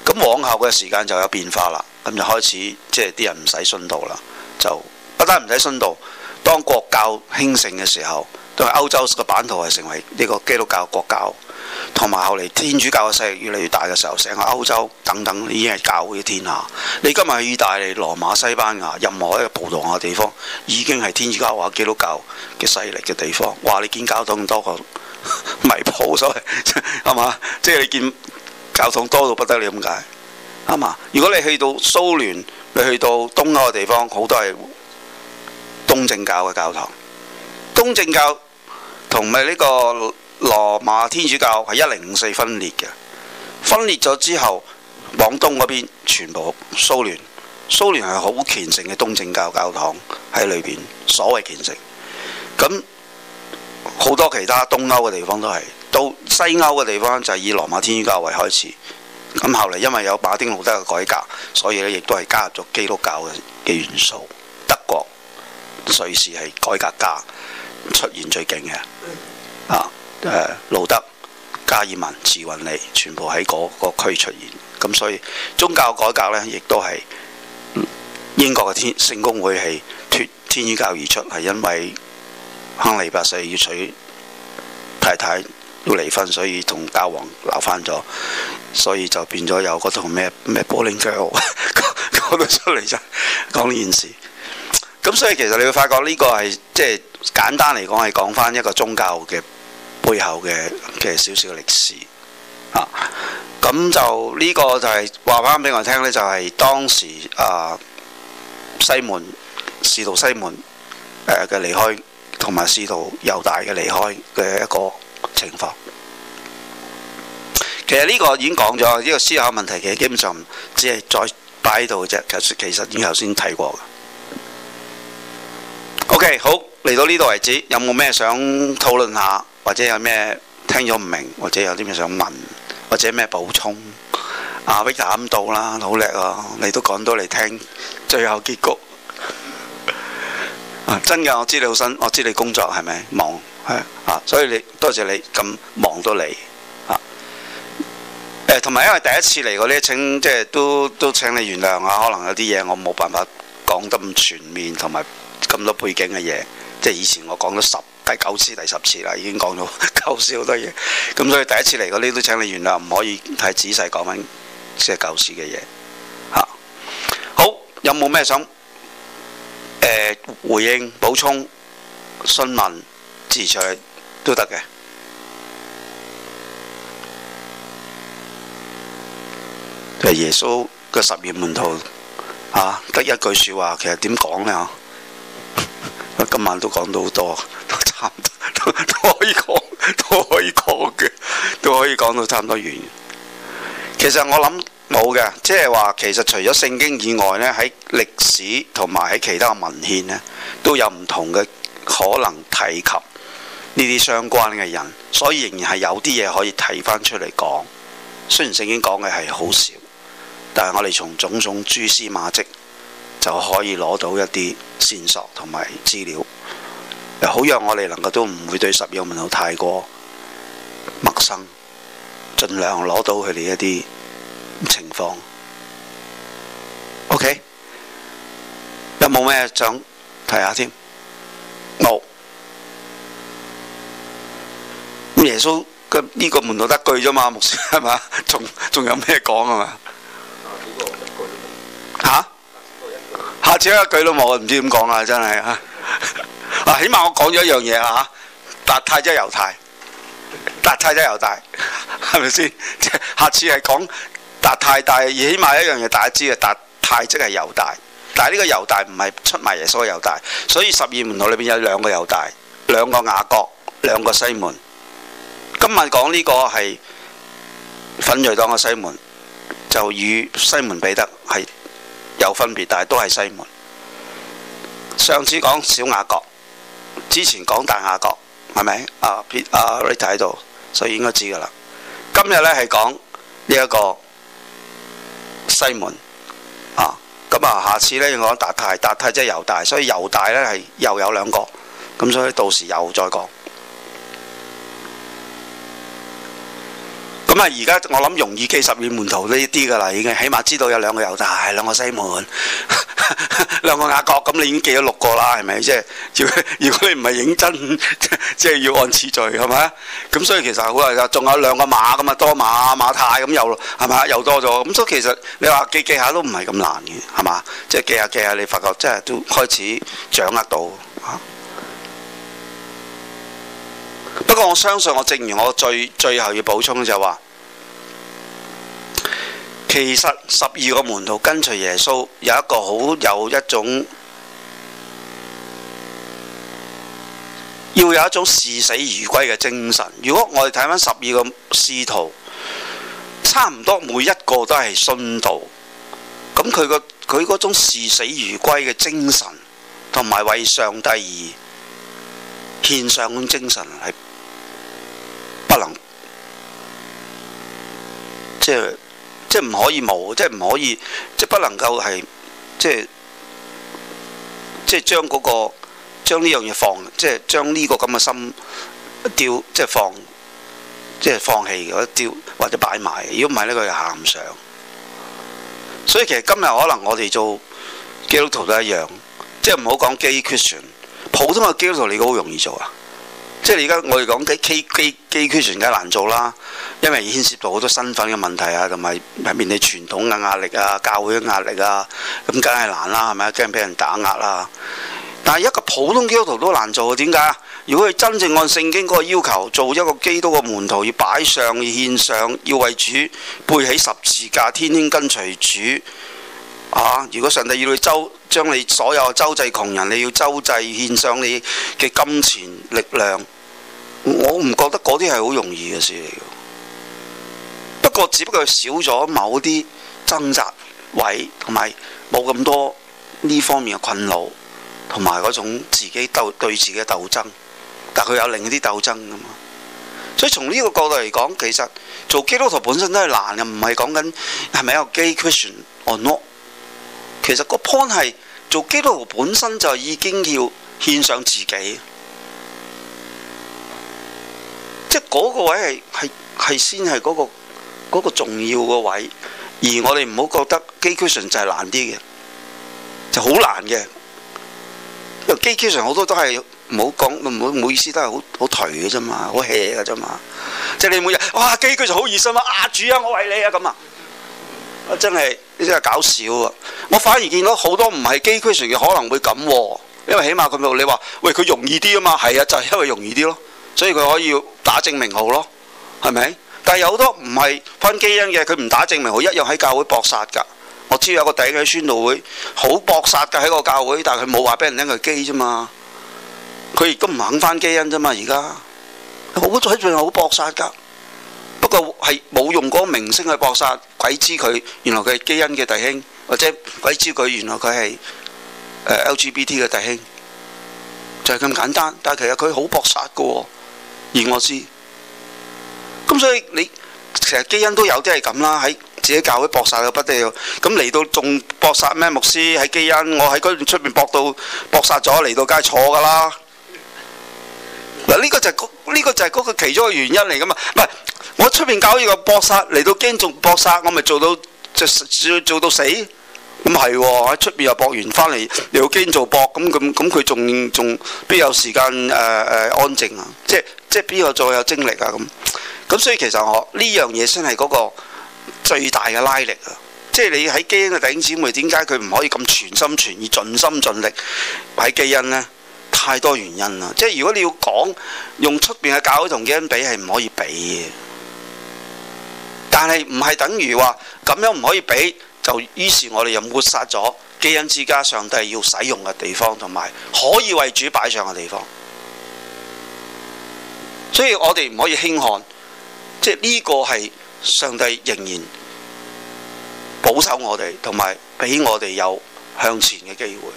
咁、啊、往後嘅時間就有變化啦，咁就開始即係啲人唔使殉道啦，就。單唔使宣道，當國教興盛嘅時候，都係歐洲個版圖係成為呢個基督教國教，同埋後嚟天主教嘅勢力越嚟越大嘅時候，成個歐洲等等已經係教會嘅天下。你今日去意大利羅馬、西班牙，任何一個葡萄牙嘅地方，已經係天主教或基督教嘅勢力嘅地方。哇！你見教堂咁多個 (laughs) 迷埔所謂係嘛？即係你見教堂多到不得了咁解係嘛？如果你去到蘇聯，你去到東歐嘅地方，好多係。東正教嘅教堂，東正教同埋呢個羅馬天主教係一零五四分裂嘅，分裂咗之後，往東嗰邊全部蘇聯，蘇聯係好虔誠嘅東正教教堂喺裏邊，所謂虔誠，咁好多其他東歐嘅地方都係，到西歐嘅地方就以羅馬天主教為開始，咁後嚟因為有馬丁路德嘅改革，所以咧亦都係加入咗基督教嘅嘅元素。瑞士係改革家出現最勁嘅，啊，誒、呃，路德、加爾文、慈運理，全部喺嗰、那個區出現。咁所以宗教改革咧，亦都係英國嘅天聖公會係脫天主教而出，係因為亨利八世要娶太太要離婚，所以同教皇鬧翻咗，所以就變咗有嗰套咩咩波林 Girl 講到出嚟就講呢件事。咁所以其實你會發覺呢個係，即係簡單嚟講係講翻一個宗教嘅背後嘅嘅少少歷史咁、啊、就呢、這個就係話翻俾我聽呢就係、是、當時啊西門使徒西門嘅離、呃、開，同埋使徒猶大嘅離開嘅一個情況。其實呢個已經講咗，呢、這個思考問題其實基本上只係再擺喺度啫。其實其實已經頭先睇過。O、okay, K，好，嚟到呢度為止，有冇咩想討論下，或者有咩聽咗唔明，或者有啲咩想問，或者咩補充啊？Victor 啱到啦，好叻啊！你都講到嚟聽，最後結局、啊、真嘅，我知你好新，我知你工作係咪忙係啊，所以你多謝你咁忙都嚟。啊。同、啊、埋因為第一次嚟過呢，請即係、就是、都都請你原諒啊，可能有啲嘢我冇辦法講得咁全面同埋。咁多背景嘅嘢，即係以前我講咗十第九次、第十次啦，已經講咗九次好多嘢。咁 (laughs) 所以第一次嚟嗰啲都請你原諒，唔可以太仔細講翻啲舊事嘅嘢嚇。好，有冇咩想誒、呃、回應、補充、詢問、自取都得嘅？其實耶穌嘅十二門徒嚇得、啊、一句説話，其實點講呢？今晚都講到好多，都差唔多，都可以講，都可以講嘅，都可以講到差唔多完。其實我諗冇嘅，即係話，其實除咗聖經以外呢，喺歷史同埋喺其他文獻呢，都有唔同嘅可能提及呢啲相關嘅人，所以仍然係有啲嘢可以提翻出嚟講。雖然聖經講嘅係好少，但係我哋從種種蛛絲馬跡。就可以攞到一啲線索同埋資料，又好讓我哋能夠都唔會對十二門徒太過陌生，儘量攞到佢哋一啲情況。OK，有冇咩想睇下添？冇。耶穌呢個門徒得句啫嘛，牧師係嘛？仲仲有咩講係嘛？嚇、啊？下次一句都冇，唔知點講啦，真係 (laughs) 啊！起碼我講咗一樣嘢啦嚇，達太即係猶太，達太即係猶大，係咪先？即 (laughs) 係下次係講達太大，而起碼一樣嘢大家知嘅，達太即係猶大。但係呢個猶大唔係出賣耶穌嘅猶大，所以十二門徒裏邊有兩個猶大，兩個雅各，兩個西門。今日講呢個係奮銳黨嘅西門，就與西門彼得係。有分別，但係都係西門。上次講小亞閣，之前講大亞閣，係咪？啊、uh, uh, Rita 喺度，所以應該知噶啦。今日咧係講呢一個西門啊。咁啊，下次咧要講達泰，達泰即係猶大，所以猶大咧係又有兩個，咁所以到時又再講。咁啊！而家我諗容易記十二門徒呢啲㗎啦，已經起碼知道有兩個猶大、兩個西門， (laughs) 兩個雅各，咁你已經記咗六個啦，係咪？即係如果你唔係認真， (laughs) 即係要按次序，係咪？咁所以其實好係㗎，仲有兩個馬咁啊，多馬馬太咁有咯，咪又，又多咗，咁、嗯、所以其實你話記記下、就是、都唔係咁難嘅，係嘛？即係記下記下，你發覺即係都開始掌握到、啊。不過我相信我，正如我最最後要補充嘅就係話、是，其實十二個門徒跟隨耶穌，有一個好有一種要有一種視死如歸嘅精神。如果我哋睇翻十二個師徒，差唔多每一個都係信徒，咁佢個佢嗰種視死如歸嘅精神，同埋為上帝而獻上嘅精神係不能即係。即係唔可以冇，即係唔可以，即係不能夠係，即係即係將嗰個將呢樣嘢放，即係將呢個咁嘅心丟，即係放，即係放棄嗰丟或者擺埋。如果唔係呢佢就喊唔上。所以其實今日可能我哋做基督徒都一樣，即係唔好講基督教，普通嘅基督徒你都好容易做啊。即係而家我哋講緊基，基基基基區全梗係難做啦，因為牽涉到好多身份嘅問題啊，同埋面對傳統嘅壓力啊、教會嘅壓力啊，咁梗係難啦，係咪啊？驚俾人打壓啦。但係一個普通基督徒都難做，點解？如果佢真正按聖經嗰個要求，做一個基督嘅門徒，要擺上，要獻上，要為主背起十字架，天天跟隨主。啊！如果上帝要你周將你所有周濟窮人，你要周濟獻上你嘅金錢力量，我唔覺得嗰啲係好容易嘅事嚟。不過，只不過少咗某啲掙扎位，同埋冇咁多呢方面嘅困惱，同埋嗰種自己鬥對自己嘅鬥爭。但佢有另一啲鬥爭㗎嘛？所以從呢個角度嚟講，其實做基督徒本身都係難嘅，唔係講緊係咪一個 gay Christian or not。其實個 point 係做基督徒本身就已經要獻上自己，即係嗰個位係係係先係嗰個嗰個重要嘅位，而我哋唔好覺得基居神就係難啲嘅，就好難嘅。因為基居神好多都係唔好講唔好唔好意思都係好好頹嘅啫嘛，好 hea 嘅啫嘛。即係你每日哇基居神好熱心啊，主啊我為你啊咁啊！真係呢啲係搞笑啊！我反而見到好多唔係基恩傳嘅可能會咁、啊，因為起碼佢冇你話，喂佢容易啲啊嘛，係啊，就係、是、因為容易啲咯，所以佢可以打證明號咯，係咪？但係有好多唔係翻基恩嘅，佢唔打證明號，一樣喺教會搏殺㗎。我知有個弟兄喺宣道會好搏殺㗎喺個教會，但係佢冇話俾人拎佢機啫嘛，佢而家唔肯翻基恩啫嘛，而家好喺最後好搏殺㗎。不過係冇用嗰個明星去搏殺，鬼知佢原來佢係基因嘅弟兄，或者鬼知佢原來佢係 LGBT 嘅弟兄，就係、係、咁簡單。但係其實佢好搏殺嘅喎、哦，而我知咁，所以你其實基因都有啲係咁啦，喺自己教會搏殺到不得了。咁嚟到仲搏殺咩牧師喺基因？我喺嗰邊出面搏到搏殺咗，嚟到梗係錯㗎啦。嗱，呢個就係嗰，呢個就係嗰個其中嘅原因嚟㗎嘛，唔係。我出面搞呢個搏殺嚟到，驚做搏殺，我咪做到，就做到死咁係喎。喺出邊又搏完，翻嚟又驚做搏咁咁咁，佢仲仲邊有時間誒誒安靜啊？即係即係邊個再有精力啊？咁咁所以其實我呢樣嘢先係嗰個最大嘅拉力啊！即係你喺基恩嘅頂姐妹，點解佢唔可以咁全心全意、盡心盡力喺基恩呢？太多原因啦！即係如果你要講用出邊嘅搞同基恩比，係唔可以比嘅。但係唔係等於話咁樣唔可以俾，就於是，我哋又抹殺咗基恩之家上帝要使用嘅地方，同埋可以為主擺上嘅地方。所以我哋唔可以輕看，即係呢個係上帝仍然保守我哋，同埋俾我哋有向前嘅機會。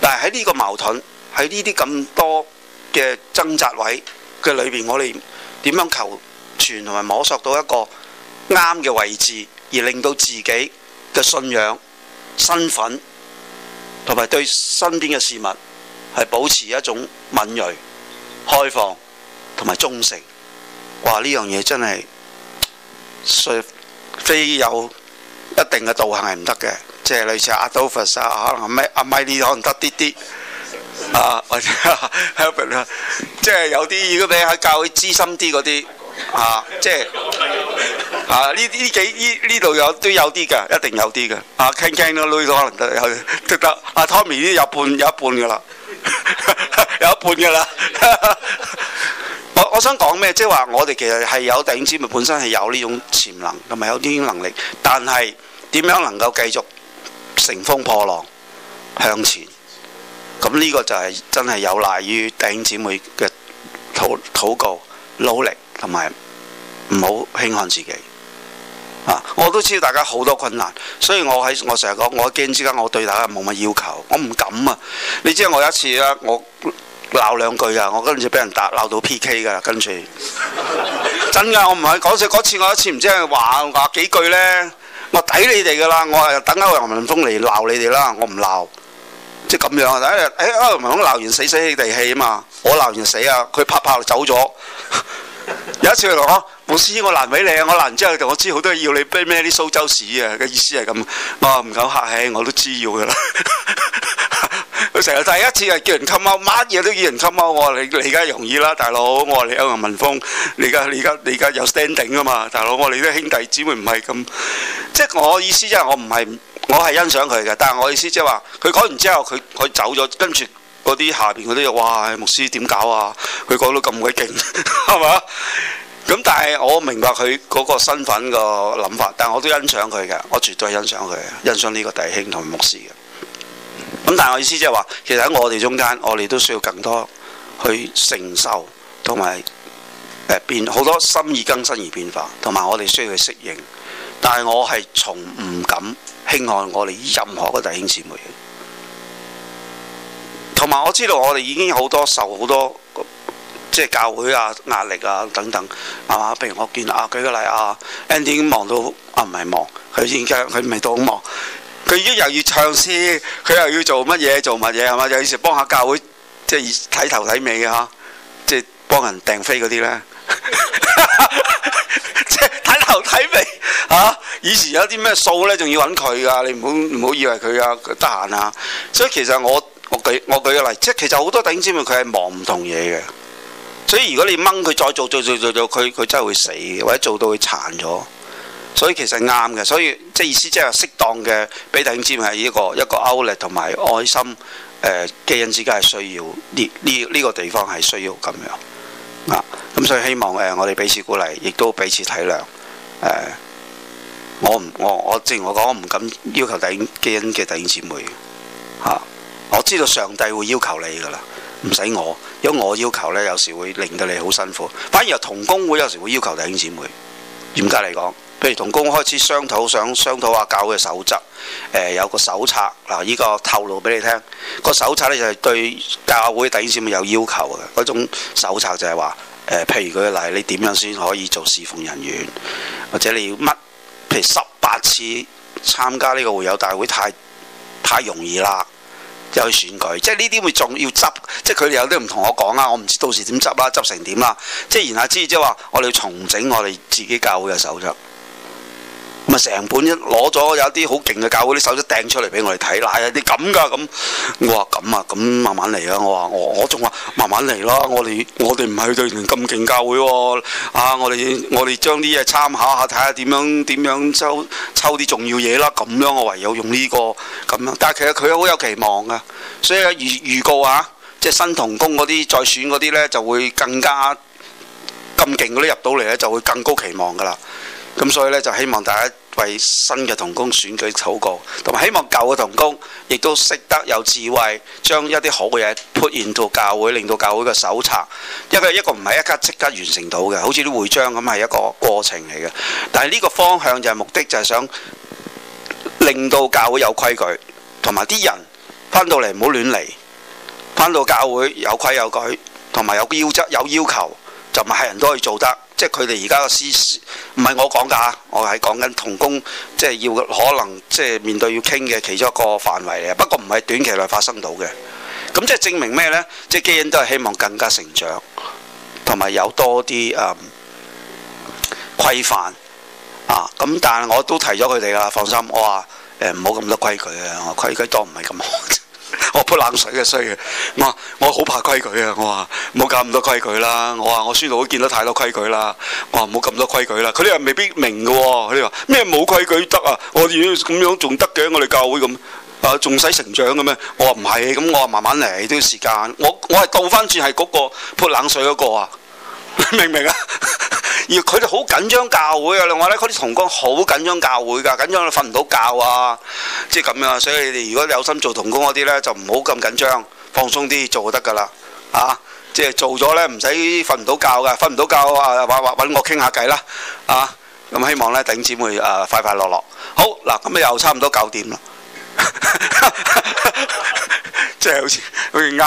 但係喺呢個矛盾，喺呢啲咁多嘅掙扎位嘅裏邊，我哋點樣求存同埋摸索到一個啱嘅位置，而令到自己嘅信仰、身份同埋對身邊嘅事物係保持一種敏銳、開放同埋忠誠。哇！呢樣嘢真係，所以非有一定嘅道行係唔得嘅，即係類似阿道弗斯啊，可能阿米阿米莉可能得啲啲啊，或者哈文啊，即、啊、係、啊啊就是、有啲如果俾喺教會資深啲嗰啲。啊！即係啊！呢呢幾呢呢度有都有啲嘅，一定有啲嘅啊！傾傾都累咗可能都有得 (laughs) 啊。Tommy 呢有半有一半噶啦，一 (laughs) 有一半噶啦。 (laughs) 我想、就是、我想講咩？即係話我哋其實係有弟兄姊妹本身係有呢種潛能同埋有呢種能力，但係點樣能夠繼續乘風破浪向前？咁呢個就係真係有賴於弟兄姊妹嘅禱禱告努力。同埋唔好輕看自己啊！我都知道大家好多困難，所以我喺我成日講，我驚之間我對大家冇乜要求，我唔敢啊！你知我有一次啊，我鬧兩句啊，我跟住俾人打鬧到 P K 噶，跟住 (laughs) 真噶，我唔係講笑嗰次，我一次唔知係話話幾句咧，我抵你哋噶啦，我係等下黃文峰嚟鬧你哋啦，我唔鬧即係咁樣啊！誒啊，黃、哎、文峰鬧完死死地氣啊嘛，我鬧完死啊，佢拍拍走咗。 (laughs) 有一次佢講，我知我難俾你啊！我難完之後，我知好多嘢要你畀咩啲蘇州市啊嘅意思係咁。我唔敢客氣，我都知要噶啦。佢成日第一次係叫人吸貓，乜嘢都叫人吸貓。我話你，你而家容易啦，大佬。我話你歐陽文峰，你而家你而家你而家有 standing 噶嘛，大佬。我哋啲兄弟姊妹唔係咁。即係我意思即係我唔係我係欣賞佢嘅，但係我意思即係話佢講完之後，佢佢走咗，跟住。嗰啲下邊嗰啲嘢，哇牧師點搞啊？佢講到咁鬼勁，係 (laughs) 嘛？咁但係我明白佢嗰個身份、嗰個諗法，但係我都欣賞佢嘅，我絕對欣賞佢，欣賞呢個弟兄同牧師嘅。咁但係我意思即係話，其實喺我哋中間，我哋都需要更多去承受同埋誒變好多心意更新而變化，同埋我哋需要去適應。但係我係從唔敢輕看我哋任何一個弟兄姊妹。同埋我知道我哋已經好多受好多即係教會啊壓力啊等等，係嘛？譬如我見啊舉個例啊，Andy 已經忙到啊，唔係忙，佢依家佢唔係都咁忙，佢依家又要唱詩，佢又要做乜嘢做乜嘢係嘛？有時幫下教會即係睇頭睇尾嘅、啊、即係幫人訂飛嗰啲咧， (laughs) (laughs) 即係睇頭睇尾嚇。啊、以前有時有啲咩數咧，仲要揾佢噶，你唔好唔好以為佢啊得閒啊。所以其實我。我舉我舉個例，即係其實好多弟兄姊妹佢係忙唔同嘢嘅，所以如果你掹佢再做做做做做，佢佢真係會死，或者做到佢殘咗，所以其實啱嘅。所以即係意思即係話適當嘅俾弟兄姊妹係一個一個 outlet 同埋愛心誒、呃、基恩之家係需要呢呢呢個地方係需要咁樣啊。咁所以希望誒、呃、我哋彼此鼓勵，亦都彼此體諒誒、啊。我唔我我正如我講，我唔敢要求弟兄基恩嘅弟兄姊妹嚇。啊我知道上帝會要求你噶啦，唔使我，因為我要求呢，有時會令到你好辛苦。反而同工會有時會要求弟兄姊妹嚴格嚟講，譬如同工開始商討，想商討下教會嘅守則、呃。有個手冊嗱，呢、呃、個透露俾你聽。個手冊呢，就係對教會弟兄姊妹有要求嘅嗰種手冊就，就係話譬如佢個例，你點樣先可以做侍奉人員，或者你要乜？譬如十八次參加呢個會友大會，太太容易啦。又去選舉，即係呢啲會仲要執，即係佢哋有啲唔同我講啊，我唔知到時點執啦，執成點啦，即係言下之意，即係話，我哋要重整我哋自己教會嘅手續。咪成本一攞咗有啲好勁嘅教會啲手都掟出嚟俾我哋睇，嗱，你咁噶咁，我話咁啊，咁慢慢嚟啊啦，我話我我仲話慢慢嚟啦，我哋我哋唔係對人咁勁教會喎，啊，啊，我哋我哋將啲嘢參考下，睇下點樣點樣抽抽啲重要嘢啦，咁樣我唯有用呢個咁樣，但係其實佢好有期望噶，所以預預告啊，即係新同工嗰啲再選嗰啲呢，就會更加咁勁嗰啲入到嚟呢，就會更高期望噶啦。咁所以咧，就希望大家為新嘅同工選舉禱告，同埋希望舊嘅同工亦都識得有智慧，將一啲好嘅嘢 put into 教會，令到教會嘅手冊，因為一個唔係一刻即刻完成到嘅，好似啲會章咁，係一個過程嚟嘅。但係呢個方向就係目的，就係、是、想令到教會有規矩，同埋啲人返到嚟唔好亂嚟，返到教會有規有矩，同埋有要則有要求，就唔係人都可以做得。即係佢哋而家個思，唔係我講㗎，我係講緊同工，即係要可能即係面對要傾嘅其中一個範圍嚟啊。不過唔係短期內發生到嘅，咁即係證明咩呢？即係基恩都係希望更加成長，同埋有，有多啲誒、嗯、規範啊。咁但係我都提咗佢哋㗎，放心，我話誒唔好咁多規矩啊，規矩都唔係咁好。我潑冷水嘅衰嘅，我我好怕規矩啊！我話唔好搞咁多規矩啦，我話我宣道會見到太多規矩啦，我話唔好咁多規矩啦。佢哋人未必明嘅，佢哋話咩冇規矩得啊？我要咁樣仲得嘅？我哋教會咁啊，仲使成長嘅咩？我話唔係，咁我話慢慢嚟都要時間。我我係倒翻轉係嗰個潑冷水嗰個啊！明唔明啊？ (laughs) 而佢哋好緊張教會啊！另外咧，佢啲童工好緊張教會噶，緊張你瞓唔到覺啊！即係咁樣，所以你哋如果有心做童工嗰啲咧，就唔好咁緊張，放鬆啲做就得噶啦啊！即係做咗咧，唔使瞓唔到覺噶，瞓唔到覺啊，話話揾我傾下偈啦啊！咁、啊啊、希望咧，弟兄姊妹啊，快快樂樂。好嗱，咁又差唔多九點啦。即係 (laughs) 好似好似呃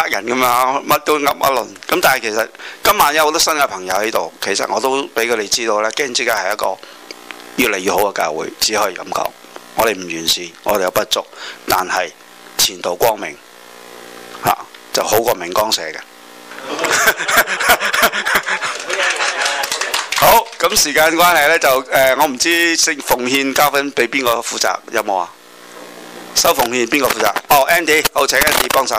呃人咁啊，乜都噏一輪咁。但係其實今晚有好多新嘅朋友喺度，其實我都俾佢哋知道咧，基恩之家係一個越嚟越好嘅教會，只可以咁講。我哋唔完善，我哋有不足，但係前途光明啊，就好過明光社嘅。 (laughs) 好，咁，時間關係呢，就誒、呃，我唔知奉獻交分畀邊個負責，有冇啊？收奉獻邊個負責？哦，Andy，好，請 Andy 幫手。